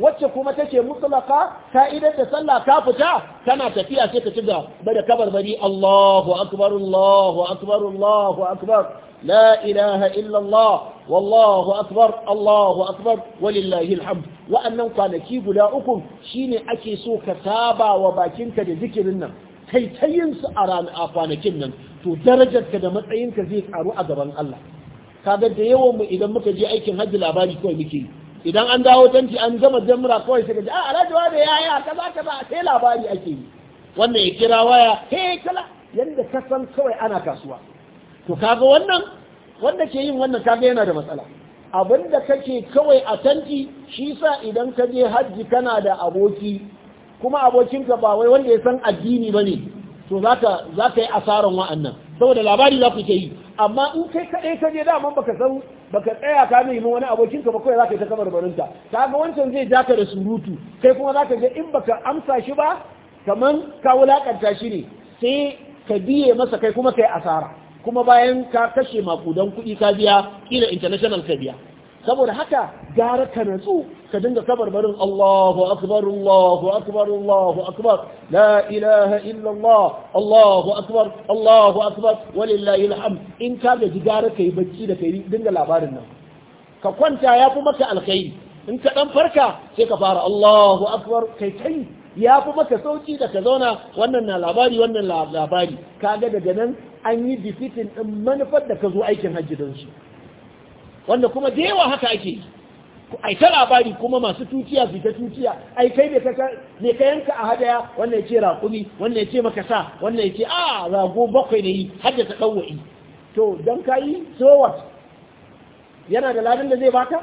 wacce kuma take mutlaka ta idan da sallah ta fita tana tafiya sai ta ci bada kabar bari Allahu akbar Allahu akbar Allahu akbar la ilaha illa Allah wallahu akbar Allahu akbar walillahi alhamd wa'annan kwanaki guda uku shine ake so ka saba wa bakinka da zikirin nan kai ta su a a kwanakin nan to darajarka da matsayinka zai karu a gaban Allah kaga da yawan mu idan muka je aikin hajji labari kawai muke yi idan an dawo tanti an gama jamra kawai sai kaji ji a ah, alhaji wani ya yi kaza kaza sai labari ake yi wannan ya kira waya he kala yadda ka san kawai ana kasuwa to kaga wannan wanda ke yin wannan kaga yana da matsala abinda kake kawai a tanti shi sa idan ka je hajji kana da aboki kuma abokinka ba wai wanda ya san addini ba ne to za ka yi asaran wa'annan saboda labari za ku yi amma in kai kaɗai ka je daman baka san baka tsaya ka nemi wani abokin ka ba kawai zaka ta kamar barinta kaga wancan zai ja ka da surutu kai kuma zaka je in baka amsa shi ba kaman ka wulakanta shi ne sai ka biye masa kai kuma kai asara kuma bayan ka kashe makudan kuɗi ka biya kila international ka biya saboda haka gara ka natsu ka dinga kabarbarin Allahu akbar Allahu akbar Allahu akbar la ilaha illa Allah Allahu akbar Allahu akbar walillahi alhamd in ka gaji gara kai bacci da kai dinga labarin nan ka kwanta yafi maka alkhairi in ka dan farka sai ka fara Allahu akbar kai kai yafi maka sauki da ka zauna wannan na labari wannan labari kaga daga nan an yi defeating din manufar da ka zo aikin hajji don shi wanda kuma da yawa haka ake yi ai labari kuma masu tuciya su ta tuciya ai kai ne ka yanka a hadaya wannan ya ce raƙumi wannan ya maka sa wannan ya ce a ah, rago bakwai ne yi ta ɗauwa'i to don ka so what yana da ladan da zai baka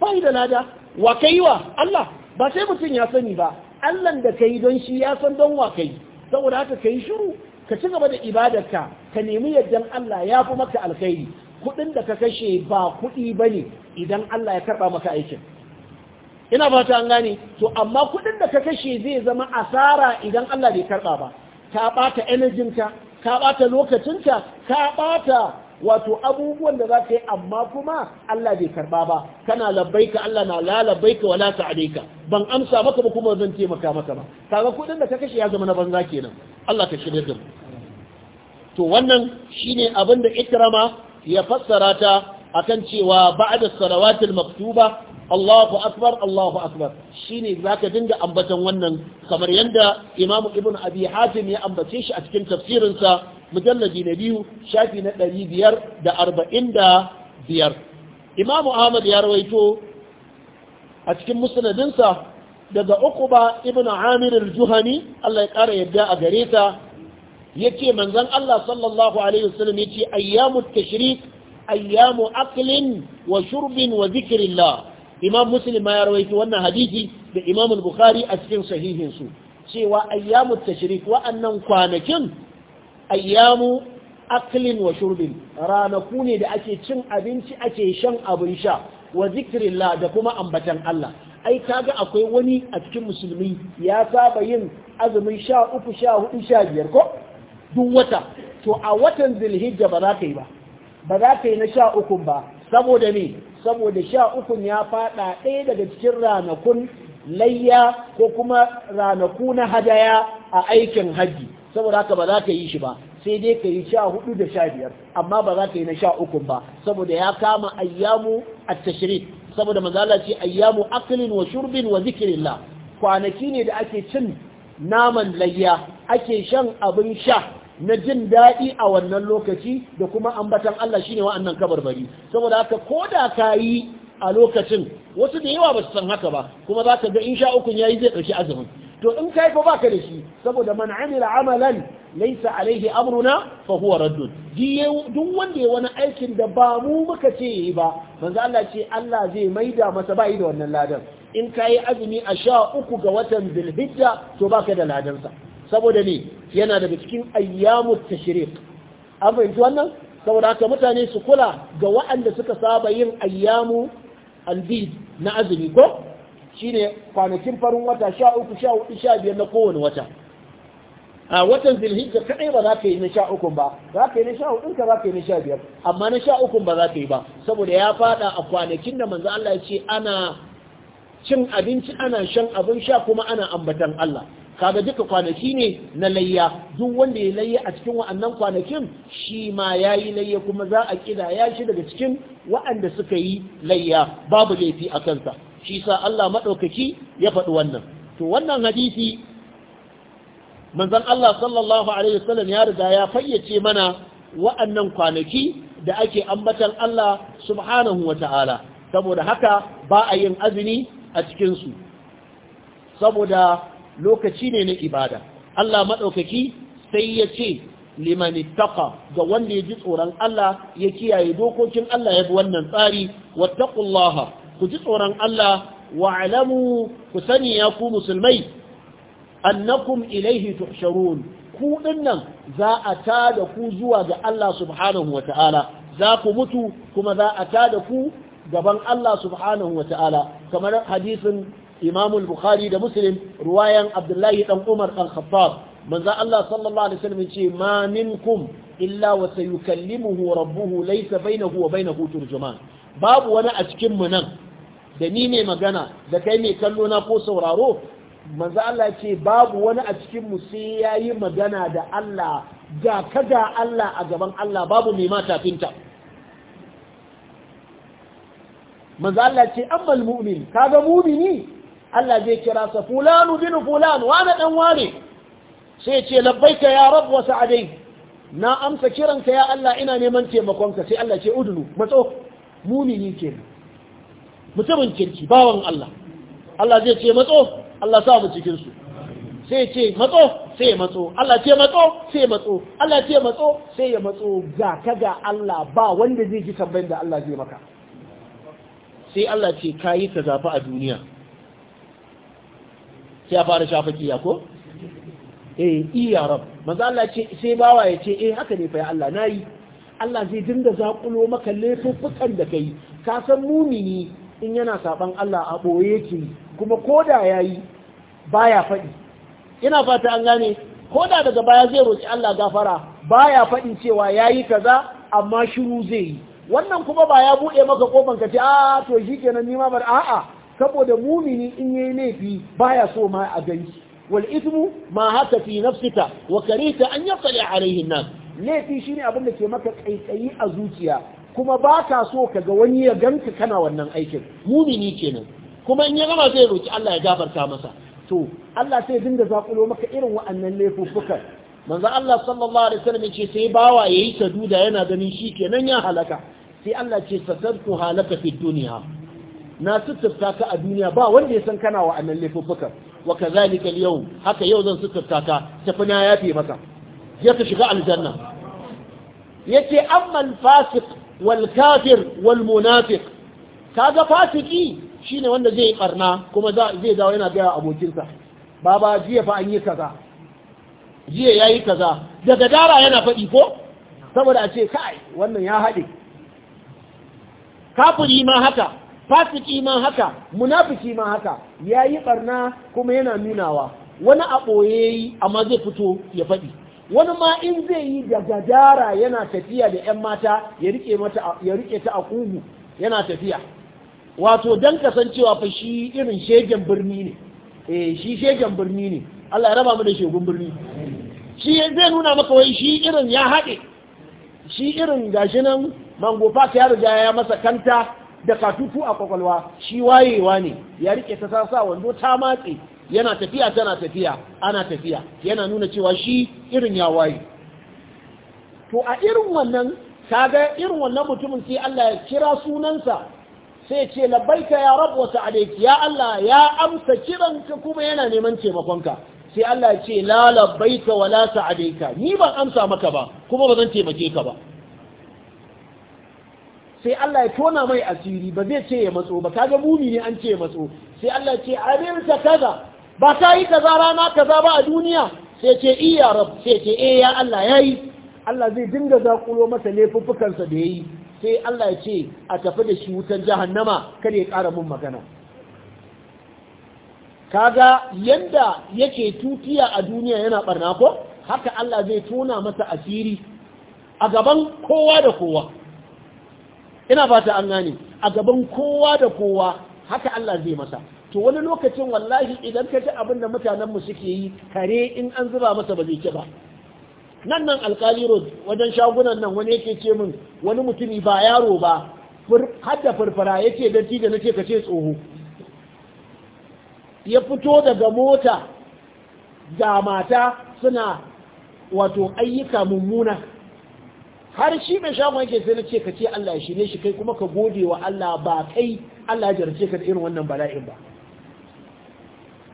bai da lada wa kai wa Allah ba sai mutum ya sani ba Allah da kai don shi ya san don wa kai saboda haka kai shiru ka ci gaba da ibadarka ka nemi yaddan Allah ya fi maka alkhairi kudin da ka kashe ba kudi bane idan Allah ya karba maka aikin ina fata an gani. to amma kudin da ka kashe zai zama asara idan Allah bai karba ba ka ɓata energinka ka ɓata lokacinka ka ɓata wato abubuwan da za ka yi amma kuma Allah bai karba ba kana labbaika Allah na la labbaika wala ta'alayka ban amsa maka ba kuma zan taimaka maka ba kaga kudin da ka kashe ya zama na banza kenan Allah ka shirya to wannan shine abin da ikrama ya fassara ta akan cewa ba'da salawatul maktuba Allahu akbar Allahu akbar shine zaka dinga ambaton wannan kamar yanda Imam Ibn Abi Hatim ya ambace shi a cikin tafsirin sa mujallaji na biyu shafi na 545 Imam Ahmad ya rawaito a cikin musnadin sa daga Uqba ibn Amir al-Juhani Allah ya kara yadda a gare ta yace manzon Allah sallallahu alaihi wasallam yace ayyamu tashrik ayyamu aklin wa shurbin wa la. imam muslim ma ya rawaito wannan hadisi da imam bukhari a cikin sahihin su cewa ayyamu tashirik wa'annan kwanakin ayyamu aklin wa shurbin ranaku ne da ake cin abinci ake shan abin sha wa la da kuma ambatan Allah ai kaga akwai wani a cikin musulmi ya saba yin azumin sha uku sha hudu sha biyar ko duk wata to a watan zulhijja ba za ka yi ba ba za ka yi na sha ukun ba saboda me saboda sha ukun ya fada ɗaya daga cikin ranakun layya ko kuma ranaku na hadaya a aikin hajji saboda haka ba za ka yi shi ba sai dai ka yi sha hudu da sha biyar amma ba za ka yi na sha ukun ba saboda ya kama ayyamu a saboda mazala ce ayyamu aklin wa shurbin wa la kwanaki ne da ake cin naman layya ake shan abin sha na jin daɗi a wannan lokaci da kuma ambatan Allah shine wa'annan kabarbari saboda haka ko da ka yi a lokacin wasu da yawa ba su san haka ba kuma za ka ga in sha ukun yi zai ɗauki azumin to in kai ba baka da shi saboda man amila amalan laysa alaihi amruna fa huwa raddun duk wanda ya wani aikin da ba mu muka ce yi ba manzo Allah ce Allah zai maida masa yi da wannan ladan in yi azumi a sha uku ga watan Dhulhijja to baka da ladansa saboda ne yana daga cikin ayyamu tashriq an fahimci wannan saboda haka mutane su kula ga waɗanda suka saba yin ayyamu albid na azumi ko shine kwanakin farin wata sha uku sha sha biyar na kowane wata a watan zilhijja kai ba za ka yi na sha ukun ba za ka yi na sha hudun ka za ka yi na sha biyar amma na sha ukun ba za ka yi ba saboda ya fada a kwanakin da manzo Allah ya ce ana cin abinci ana shan abin sha kuma ana ambatan Allah kaga duka kwanaki ne na layya duk wanda ya layya a cikin wa'annan kwanakin shi ma ya yi layya kuma za a kidaya shi daga cikin wa'anda suka yi layya babu laifi a kansa shi sa Allah maɗaukaki ya faɗi wannan to wannan hadisi manzon Allah sallallahu alaihi wasallam ya riga ya fayyace mana wa'annan kwanaki da ake ambatan Allah subhanahu wata'ala saboda haka ba a yin azumi a cikinsu saboda lokaci ne na ibada Allah maɗaukaki sai ya ce liman ga wanda ya ji tsoron Allah ya kiyaye dokokin Allah ya bi wannan tsari wattaqullaha ku ji tsoron Allah wa alamu ku sani ya ku musulmai annakum ilaihi tuhsharun ku dinnan za a da ku zuwa ga Allah subhanahu ta'ala za ku mutu kuma za a da ku gaban Allah subhanahu ta'ala kamar hadisin imamul bukhari da muslim ruwayan abdullahi dan umar dan khattab manzo Allah sallallahu alaihi wasallam ce ma minkum illa wa sayukallimuhu rabbuhu laysa bainahu wa bainahu turjuman babu wani a cikin nan da ni ne magana da kai ne kallo na ko sauraro manzo Allah ce babu wani a cikin mu sai yayi magana da Allah ga kada Allah a gaban Allah babu mai ma tafinta Manza Allah ce ammal mu'min ga mu'mini Allah zai kira sa fulanu bin fulan wani dan ware sai ce labbaika ya rabb wa sa'adai na amsa kiranka ya Allah ina neman taimakon ka. sai Allah ce udunu matso mumini kenan mutumin kirki bawan Allah Allah zai ce matso Allah sa mu cikin su sai ce matso sai matso Allah ce matso sai matso Allah ce matso sai ya matso ga kaga Allah ba wanda zai ji tambayin da Allah zai maka sai Allah ce kayi ta zafi a duniya sai ya fara shafa kiya ko eh iya rab manzo Allah ce sai bawa ya ce eh haka ne fa ya Allah nayi Allah zai dinga zakulo maka laifukan da kai ka san mumini in yana saban Allah a boye yake kuma koda yayi baya faɗi ina fata an gane koda daga baya zai roki Allah gafara baya faɗin cewa yayi kaza amma shiru zai yi wannan kuma ba ya buɗe maka kofan ka ce a ah, to shikenan ni ma bar a'a saboda mumini in yayi laifi baya so ma a ganci wal ithmu ma haka fi nafsika wa karita an yaqli alayhi an-nas laifi shine abin da ke maka kaikayi a zuciya kuma ba ka so ka ga wani ya ganka kana wannan aikin mumini kenan kuma in ya gama zai roki Allah ya gafarta masa to Allah sai dinga zakulo maka irin wa'annan laifuffukan manzo Allah sallallahu alaihi wasallam ce sai bawa yayi saduda yana ganin shi kenan ya halaka sai Allah ce fatartu halaka fi dunya na suturta ka a duniya ba wanda ya san kana wa wa'annan laifuffukan wa kazalika yau haka yau zan suturta ka tafi na yafe maka ya ka shiga aljanna yace amma al-fasiq wal kafir wal munafiq kaga fasiki shine wanda zai barna kuma zai dawo yana ga abokinsa baba jiya fa an yi kaza jiya yayi kaza daga dara yana faɗi ko saboda a ce kai wannan ya haɗe kafiri ma haka fasiki ma haka munafiki ma haka yayi barna kuma yana nunawa wani a boye amma zai fito ya faɗi wani ma in zai yi da yana tafiya da ƴan mata ya rike mata ya rike ta a kugu yana tafiya wato dan kasancewa fa shi irin shegen birni ne eh shi shegen birni ne Allah ya raba mu da shegun birni shi zai nuna maka wai shi irin ya haɗe shi irin gashi nan mangofa ya riga ya masa kanta da katutu a kwakwalwa shi wayewa ne ya rike ta sasa wando ta matse yana tafiya tana tafiya ana tafiya yana nuna cewa shi irin ya waye to a irin wannan kaga irin wannan mutumin sai Allah ya kira sunansa sai ce labbaika ya rabu wa sa'alaiki ya Allah ya amsa kiran kiranka kuma yana neman taimakonka sai Allah ya ce la labbaika wa la ni ban amsa maka ba kuma ba zan taimake ka ba sai Allah ya tona mai asiri ba zai ce ya matso ba kaga mumi ne an ce ya matso sai Allah ya ce abin ta kaza ba ka yi kaza rana kaza ba a duniya sai ce eh, ya rab sai ce eh ya Allah yayi Allah zai dinga zakulo masa laifuffukansa da yayi sai Allah ya ce a tafi da shi wutar jahannama kada ya ƙara mun magana kaga yanda yake tutiya a duniya yana barna ko haka Allah zai tona masa asiri a gaban kowa da kowa ina ba ta an gani. a gaban kowa da kowa haka Allah zai masa to wani lokacin wallahi idan ka ci abin da mutanen mu suke yi kare in an zuba masa ba zai kiba. ba nan nan alkali road wajen shagunan nan wani yake ce min wani mutumi ba yaro ba har da farfara yake danti da nace ka ce tsoho ya fito daga mota ga mata suna wato ayyuka mummuna har shi mai shagon yake sai na ce ka ce Allah ya shine shi kai kuma ka gode wa Allah ba kai Allah ya jarce ka da irin wannan bala'in ba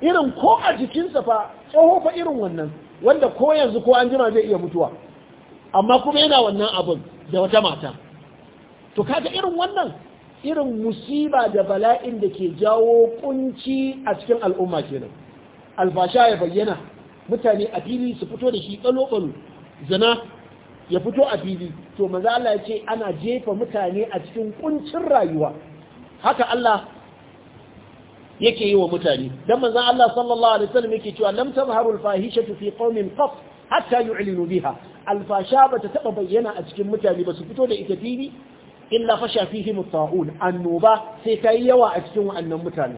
irin ko a jikinsa fa tsoho fa irin wannan wanda ko yanzu ko an jima zai iya mutuwa amma kuma yana wannan abin da wata mata to kaga irin wannan irin musiba da bala'in da ke jawo kunci a cikin al'umma kenan alfasha ya bayyana mutane a fili su fito da shi kalo-kalo zana ya fito a fili to maza Allah ya ce ana jefa mutane a cikin kuncin rayuwa haka Allah yake yi wa mutane dan maza Allah sallallahu alaihi wasallam yake cewa lam tazharu fahishatu fi qaumin qat hatta yu'linu biha al-fasha bata taba bayyana a cikin mutane ba su fito da ita fili illa fasha fihim at annuba sai kai yawa a cikin wannan mutane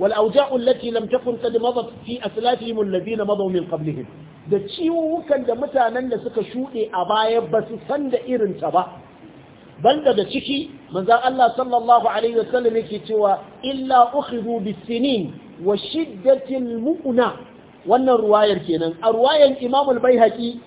والأوجاع التي لم تكن قد مضت في أسلافهم الذين مضوا من قبلهم da wukan da mutanen da suka shuɗe a baya ba su san da irinta ba banda da ciki manzan Allah sallallahu alaihi wasallam yake cewa illa ukhidhu bisinin wa shiddatil muuna wannan ruwayar kenan a ruwayar imamul bai baihaqi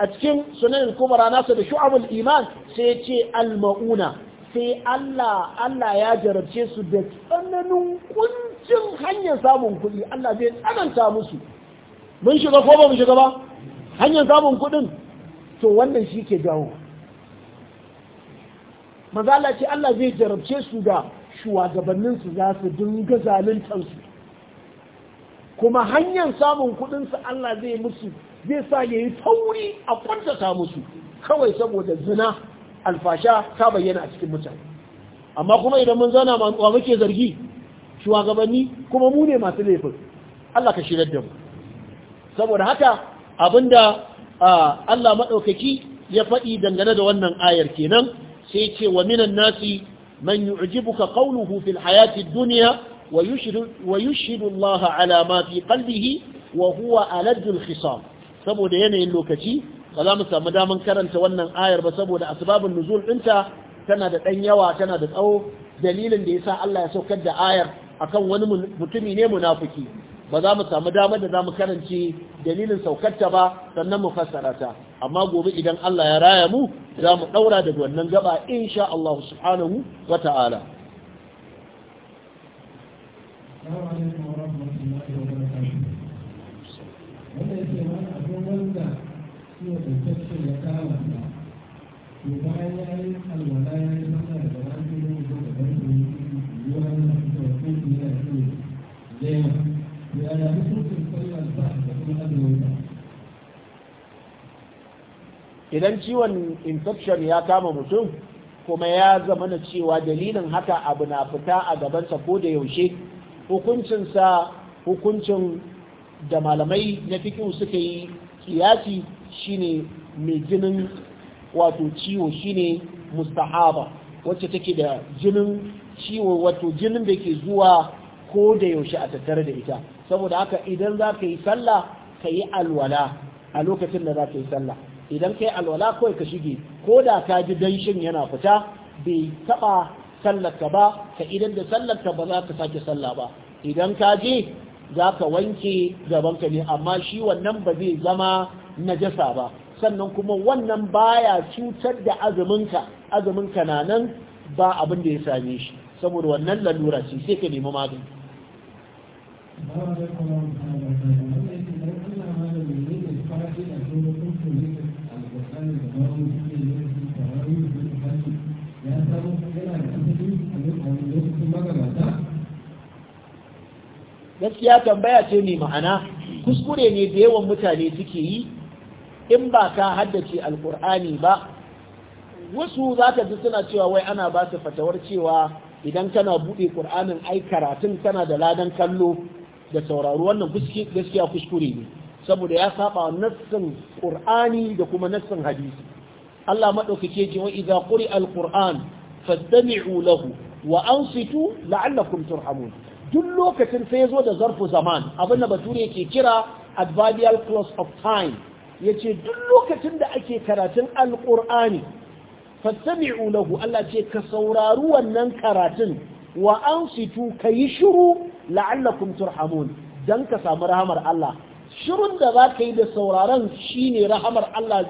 a cikin Sunan kuma ranarsa da Shu'ab iman sai ce al-ma'una sai Allah Allah ya jarabce su da tsananin kuncin hanyar samun kuɗi Allah zai tsananta musu mun shiga ko ba mu shiga ba hanyar samun kuɗin to wannan shi ke jawo mazala ce Allah zai jarabce su da shugabanninsu za su dinga zaluntansu kuma hanyar samun kuɗinsu Allah zai musu zai sa ya yi tauri a kwantata musu kawai saboda zina alfasha ta bayyana a cikin mutane amma kuma idan mun zauna wa muke zargi shugabanni kuma mu ne masu laifin Allah ka shirar da mu saboda haka abinda Allah madaukaki ya faɗi dangane da wannan ayar kenan sai ce wa minan nasi man yu'jibuka qawluhu fil hayati dunya wa yushhidu wa yushhidu Allah ala ma fi qalbihi wa huwa aladul khisam saboda yanayin lokaci ba za mu samu daman karanta wannan ayar ba saboda asbabun nuzul ɗinta tana da ɗan yawa tana da tsawo dalilin da ya sa Allah ya saukar da ayar akan wani mutumi ne munafiki ba za mu samu damar da za mu karanci dalilin saukarta ba sannan mu fassara ta amma gobe idan Allah ya raya mu za mu ɗaura daga wannan gaba insha Allah subhanahu wa ta'ala Assalamu alaikum wa rahmatullahi wa barakatuh. da ya kama ta bayan yi alwala ya yi da yi da yi yiwuwa na da su ya yi da kuma idan ciwon infection ya kama mutum kuma ya zama na cewa dalilin haka abu na fita a gabansa ko da yaushe hukuncinsa hukuncin da malamai na fikin suka yi kiyasi shine mai jinin wato ciwo shine mustahaba wacce take da jinin ciwo wato jinin da ke zuwa ko da yaushe a tattare da ita saboda haka idan za ka yi sallah ka yi alwala a lokacin da za ka yi sallah idan ka yi alwala kawai ka shige ko da ka ji danshin yana fita bai taɓa ka ba ka idan da ka ba za ka sake sallah ba idan ka je za ka wanke ka ne amma shi wannan ba zai zama najasa ba sannan kuma wannan baya cutar da azuminka azuminka na nan ba abin da ya same shi saboda wannan lalura ce sai ka nemi magani gaskiya tambaya ce ne ma'ana kuskure ne da yawan mutane suke yi in ba ka haddace alkur'ani ba wasu za ka ji suna cewa wai ana ba su fatawar cewa idan kana buɗe ƙur'anin ai karatun kana da ladan kallo da sauraro wannan gaskiya kuskure ne saboda ya saba nassin ƙur'ani da kuma nassin hadisi Allah maɗaukake ce wa idza quri alquran fastami'u lahu wa ansitu la'allakum turhamun duk lokacin sai zo da zarfu zaman abin da bature ke kira adverbial clause of time ya ce duk lokacin da ake karatun alƙur'ani fassami'u lahu Allah ce ka saurari wannan karatun wa an situ ka yi shiru la'allakum turhamun don ka samu rahamar Allah shirun da za ka yi da sauraron shine rahamar Allah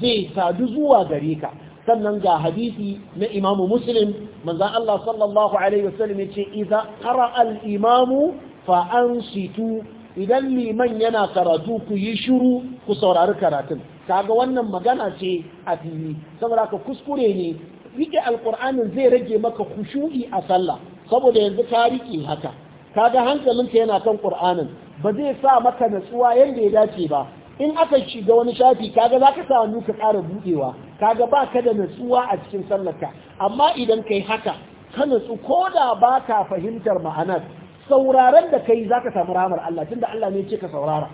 zai sadu zuwa gare ka sannan ga hadisi na imamu muslim manzan Allah sallallahu alaihi wasallam ya ce iza ƙara al'imamu fa an situ idan liman yana karatu ku yi shiru ku saurari karatun kaga wannan magana ce a fili saboda ka kuskure ne rike alkur'anin zai rage maka kushu'i a sallah saboda yanzu ka rike haka kaga hankalinka yana kan qur'anin ba zai sa maka natsuwa yadda ya dace ba in aka shiga wani shafi kaga za ka sa hannu ka ƙara buɗewa kaga ba ka da natsuwa a cikin sallarka amma idan kai haka ka natsu ko da ba ka fahimtar ma'anar sauraron da kai zaka samu rahmar Allah tunda Allah ne yake ka saurara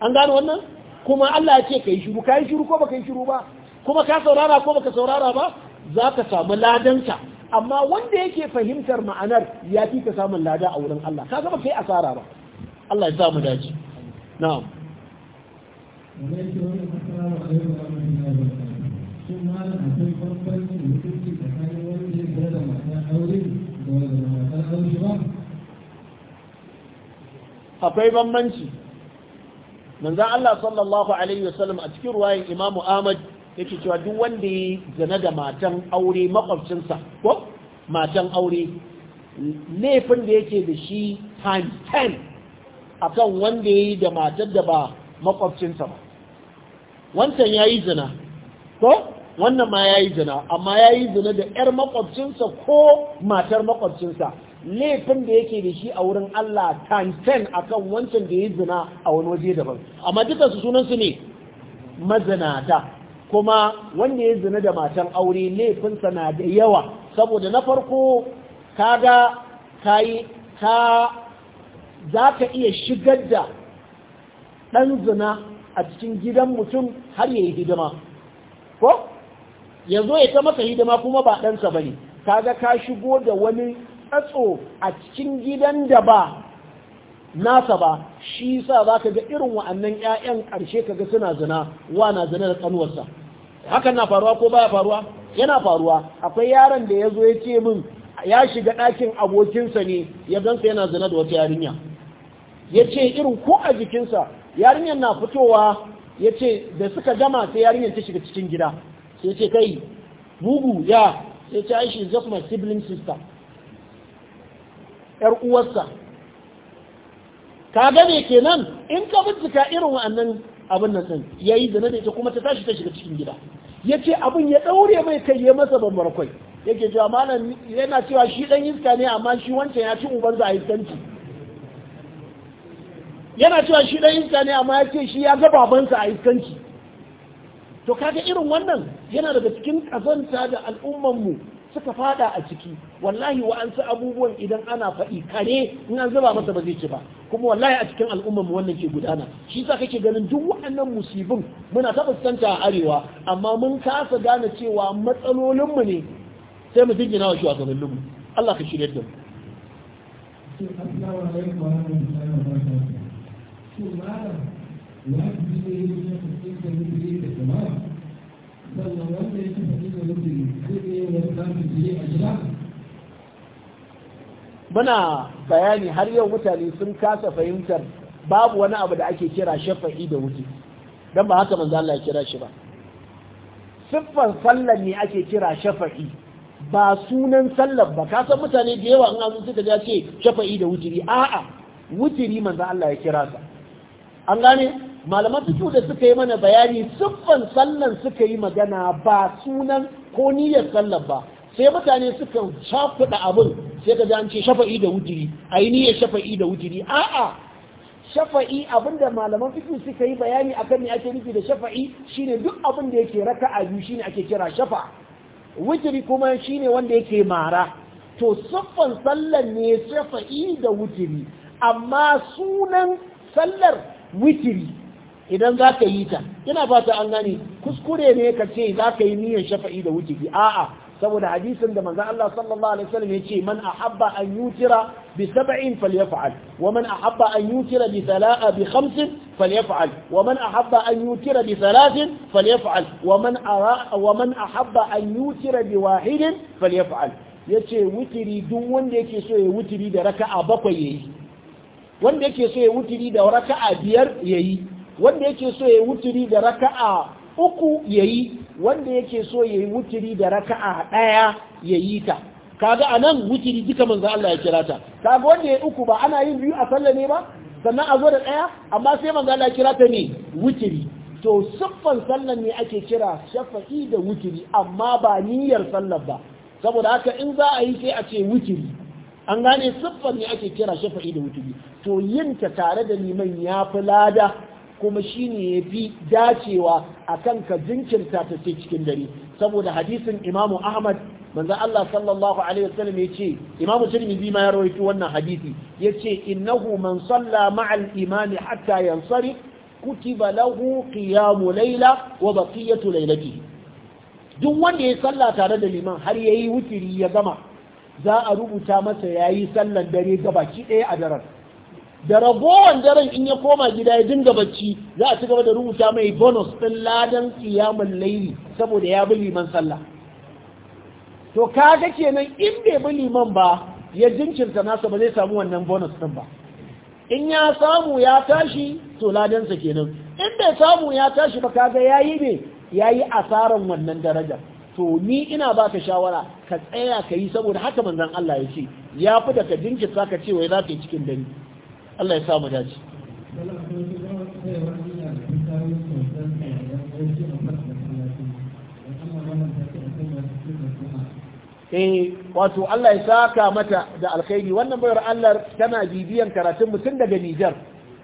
an gano wannan kuma Allah yake kai shiru kai shiru ko baka yi shiru ba kuma ka saurara ko baka saurara ba zaka samu ladanka amma wanda yake fahimtar ma'anar ya fi ka samu lada a wurin Allah kaga ba kai asara ba Allah ya sa mu dace na'am Thank you. akwai bambanci manzo Allah sallallahu Alaihi wasallam a cikin ruwayin Imam Ahmad yake cewa duk wanda ya zana da matan aure makwabcinsa ko matan aure laifin da yake da shi time 10 akan wanda ya yi da matar da ba makwabcinsa ba wancan ya yi zina ko wannan ma ya yi zina amma ya yi zina da 'yar makwabcinsa ko matar makwabcinsa laifin da yake da shi a wurin Allah times a akan wancan da ya zina a wani waje daban amma dukansu sunansu ne mazinata kuma wanda ya zina da matan aure laifinsa na da yawa saboda na farko kaga kayi ka za ka iya shigar da ɗan zina a cikin gidan mutum har ya yi hidima ko yanzu ya ta masa hidima kuma ba ɗansa ba ne kaga ka shigo da wani tsatso a cikin gidan da ba nasa ba shi sa za ka ga irin wa'annan 'ya'yan ƙarshe ka ga suna zina wa na zina da ƙanuwarsa hakan na faruwa ko baya faruwa yana faruwa akwai yaron da ya zo ya ce min ya shiga ɗakin abokinsa ne ya gansa yana zina da wata yarinya ya ce irin ko a jikinsa yarinyar na fitowa ya ce da suka gama sai yarinyar ta shiga cikin gida sai ce kai bugu ya sai ce aishi zafi my sibling sister yar uwarsa ka gane kenan in ka bincika irin wa'annan abin nan din yayi zina da ita kuma ta tashi ta shiga cikin gida yace abin ya daure mai kai ya masa bambar kai yake cewa malam yana cewa shi dan iska ne amma shi wancan ya ci uban a iskanci yana cewa shi dan iska ne amma ya ce shi ya ga babansa a iskanci to kaga irin wannan yana daga cikin kazanta da al'umman mu suka fada a ciki wallahi wa'ansu abubuwan idan ana faɗi kare in an zuba masa ba zai ci ba kuma wallahi a cikin al'ummar mu wannan ke gudana shi sa kake ganin duk waɗannan musibin muna ta fuskanta a arewa amma mun kasa gane cewa matsalolin mu ne sai mu jingina wa shugabannin mu Allah ka shirye da mu Thank you. sannan wanda mutum zai iya yin wani a gida muna bayani har yau mutane sun kasa fahimtar babu wani abu da ake kira shafa'i da wuce don ba haka manzo Allah ya kira shi ba siffar sallar ne ake kira shafa'i ba sunan sallar ba ka san mutane da yawa an azu suka ja ce shafa'i da wutiri a'a wutiri manzo Allah ya kira sa an gane malaman su da suka yi mana bayani siffan sallan suka yi magana ba sunan ko niyyar sallan ba sai mutane suka shafuɗa abin sai ka an shafa'i da wujiri a yi niyyar shafa'i da a a'a shafa'i abinda malaman fiki suka yi bayani akan ne ake nufi da shafa'i shine duk abin da yake raka a biyu shine ake kira shafa wujiri kuma shine wanda yake mara to siffan sallan ne shafa'i da wujiri amma sunan sallar wujiri idan za ka yi ta ina fata an gane kuskure ne ka ce za ka yi niyyar shafa'i da wuturi a'a saboda hadisin da manzo Allah sallallahu alaihi wasallam yace man ahabba an yutira bi sab'in falyaf'al wa man ahabba an yutira bi thalatha bi khamsin falyaf'al wa man ahabba an yutira bi thalathin falyaf'al wa man ara wa man ahabba an yutira bi wahidin falyaf'al yace wutiri duk wanda yake so ya wutiri da raka'a bakwai yayi wanda yake so ya wutiri da raka'a biyar yayi wanda yake so ya yi wuturi da raka'a uku ya yi, wanda yake so ya yi wuturi da raka'a ɗaya ya yi ta kaga a nan wuturi duka manzan Allah ya kira ta kaga wanda ya uku ba ana yin biyu a sallah ne ba sannan a zo da ɗaya amma sai manzan Allah ya kira ta ne wuturi to siffan sallan ne ake kira shafa'i da wuturi amma ba niyyar sallar ba saboda haka in za a yi sai a ce wuturi an gane siffan ne ake kira shafa'i da wuturi to yin ta tare da liman ya fi lada kuma shine ya fi dacewa a kan ka jinkirta ta ce cikin dare saboda hadisin imamu ahmad manzo Allah sallallahu alaihi wasallam yace imamu tirmidhi ma ya rawaito wannan hadisi Ya ce innahu man salla ma'al imami hatta yansari kutiba lahu qiyamu layla wa baqiyatu laylatihi duk wanda ya salla tare da liman har yayi wutiri ya gama za a rubuta masa yayi sallan dare gabaki ɗaya a daren da ragowar daren in ya koma gida ya dinga bacci za a ci gaba da rubuta mai bonus ɗin ladan siyamun laili saboda ya bi liman sallah to kaga kenan in bai bi liman ba ya jinkirta nasa ba zai samu wannan bonus ɗin ba in ya samu ya tashi to ladansa kenan in bai samu ya tashi ba kaga yayi ne yayi asaran wannan darajar to ni ina baka shawara ka tsaya ka yi saboda haka manzon Allah ya ce ya fi da ka jinkirta ka ce wai za ka yi cikin dani Allah ya sa mu dace eh wato Allah ya saka mata da alkhairi wannan bayar Allah tana bibiyan karatun mutum daga Nijar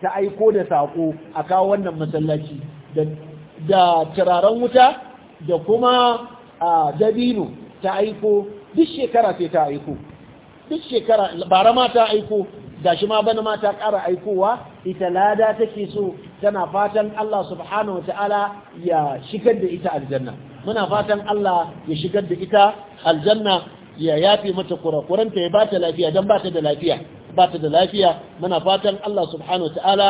ta aiko da sako a kawo wannan masallaci da turaren wuta da kuma dabino ta aiko duk shekara sai ta aiko duk shekara bara ma ta aiko gashi ma bana ma ta ƙara aikowa ita lada take so tana fatan Allah subhanahu wataala ya shigar da ita aljanna muna fatan Allah ya shigar da ita aljanna ya yafi mata kurakuranta ya bata lafiya dan bata da lafiya bata da lafiya muna fatan Allah subhanahu wataala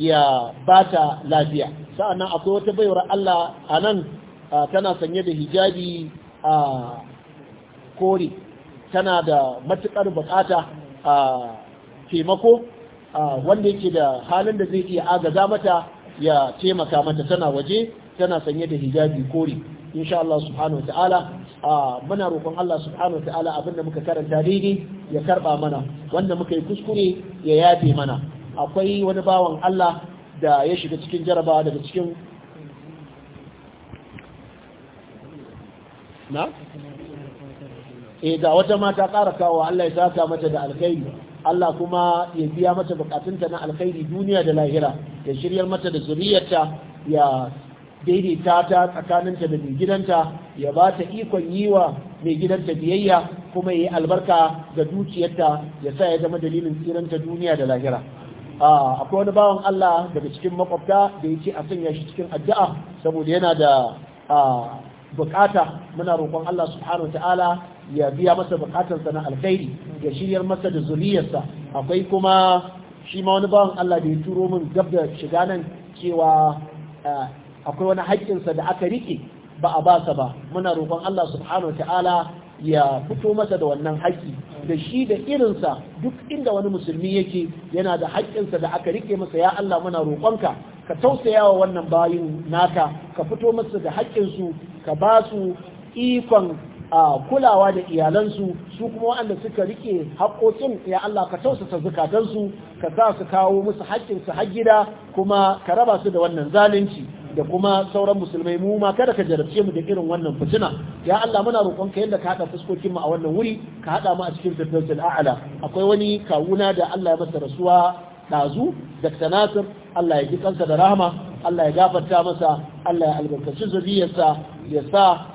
ya bata lafiya sa'annan akwai wata baiwar Allah a nan tana sanye da hijabi a kore tana da matukar bukata a taimako wanda yake da halin da zai iya agaza mata ya taimaka mata tana waje tana sanye da hijabi kore insha Allah subhanahu wataala muna roƙon Allah subhanahu wataala abinda muka karanta daidai ya karba mana wanda muka yi kuskure ya yafe mana akwai wani bawan Allah da ya shiga cikin jarabawa daga cikin na? e ga wata mata ƙara kawo Allah ya saka mata da alkhairi Allah kuma ya biya mata bukatunta na alkhairi duniya da lahira ya shiryar mata da zuriyarta ya daidaita ta tsakaninta da mai gidanta ya ba ta ikon yi wa mai gidanta biyayya kuma ya yi albarka ga dukiyarta ya sa ya zama dalilin tsiranta duniya da lahira akwai wani bawan Allah daga cikin makwabta da ya ce a sanya shi cikin addu'a saboda yana da bukata muna roƙon Allah subhanahu ta'ala ya biya masa bukatarsa na alkhairi ya shiryar masa da zuriyarsa akwai kuma shi ma wani bawan Allah da ya turo min gab da shiga nan cewa akwai wani haƙƙinsa da aka rike ba a basa ba muna roƙon Allah subhanahu ta'ala ya fito masa da wannan haƙƙi da shi da irinsa duk inda wani musulmi yake yana da haƙƙinsa da aka rike masa ya Allah muna roƙonka ka tausaya wa wannan bayin naka ka fito masa da haƙƙinsu ka ba su ikon kulawa da iyalansu su kuma waɗanda suka rike haƙoƙin ya Allah ka tausasa zukatansu ka sa su kawo musu haƙƙinsu har gida kuma ka raba su da wannan zalunci da kuma sauran musulmai mu ma kada ka jarabce mu da irin wannan fitina ya Allah muna roƙon ka yadda ka haɗa fuskokin mu a wannan wuri ka haɗa mu a cikin firdausul a'la akwai wani kawuna da Allah ya masa rasuwa dazu Dr. Nasir Allah ya ji kansa da rahama Allah ya gafarta masa Allah ya albarkaci zuriyarsa ya sa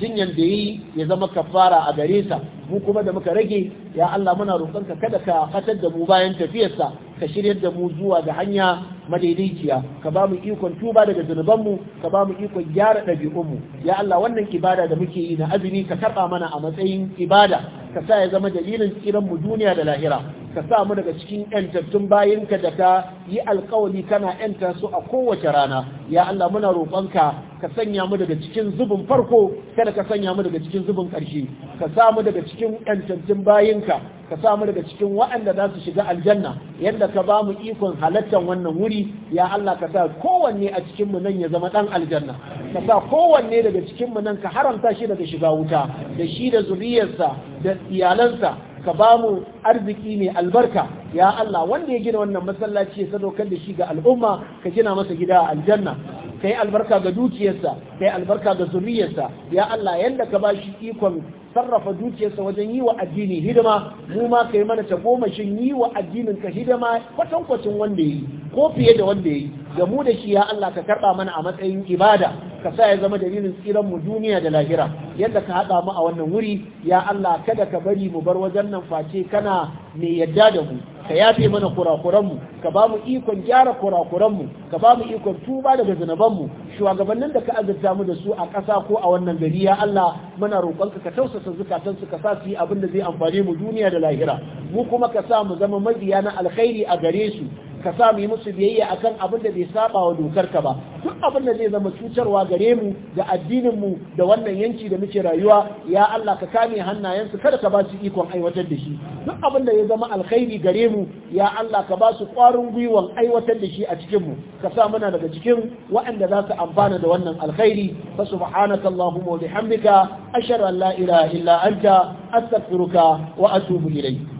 jinyan da yi ya zama kafara a gare sa mu kuma da muka rage ya Allah muna roƙonka kada ka fatar da mu bayan tafiyarsa ka shiryar da mu zuwa ga hanya madaidaiciya ka ba mu ikon tuba daga zunubanmu ka ba mu ikon gyara ɗabi'unmu ya Allah wannan ibada da muke yi na azumi ka taɓa mana a matsayin ibada ka sa ya zama dalilin tsiran mu duniya da lahira ka sa mu daga cikin ƴantattun bayanka da ka yi alkawali kana yanta su a kowace rana ya Allah muna roƙonka ka sanya mu daga cikin zubin farko kada ka sanya mu daga cikin zubin ƙarshe ka sa mu daga cikin ƴantattun bayinka ka mu daga cikin waɗanda za su shiga aljanna yadda ka ba mu ikon halattar wannan wuri ya Allah ka sa kowanne a cikin mu nan ya zama ɗan aljanna ka sa kowanne daga cikin mu nan ka haramta shi daga shiga wuta da shi da zuriyarsa da iyalansa ka ba mu arziki mai albarka ya Allah wanda ya gina wannan masallaci ya sadaukar da shi ga al'umma ka gina masa gida a aljanna kai albarka ga dukiyarsa kai albarka ga zuriyarsa ya Allah yanda ka ba shi ikon sarrafa dukiyarsa wajen yi wa addini hidima mu ma kai mana ta goma shin yi wa addinin ka hidima kwatankwacin wanda yi ko fiye da wanda yi da mu da shi ya Allah ka karba mana a matsayin ibada ka sa ya zama dalilin tsiran mu duniya da lahira yadda ka haɗa mu a wannan wuri ya Allah kada ka bari mu bar wajen nan face kana mai yadda da mu ka yafe mana kurakuranmu ka ba mu ikon gyara kurakuranmu ka ba mu ikon tuba daga zunubanmu shugabannin da ka azurta mu da su a ƙasa ko a wannan gari ya Allah muna roƙonka ka tausasa zukatansu su ka sa su yi abin da zai amfani mu duniya da lahira mu kuma ka sa mu zama mabiya na alkhairi a gare su ka sa mu yi musu biyayya akan abin da bai saba wa dokar ka ba duk abin da zai zama cutarwa gare mu da addinin mu da wannan yanci da muke rayuwa ya Allah ka kame hannayensu kada ka ba su ikon aiwatar da shi duk abin da ya zama alkhairi gare mu ya Allah ka ba su ƙwarin gwiwan aiwatar da shi a cikin mu ka sa muna daga cikin waɗanda za su amfana da wannan alkhairi fa subhanaka allahumma wa bihamdika ashhadu an la ilaha illa anta astaghfiruka wa atubu ilayk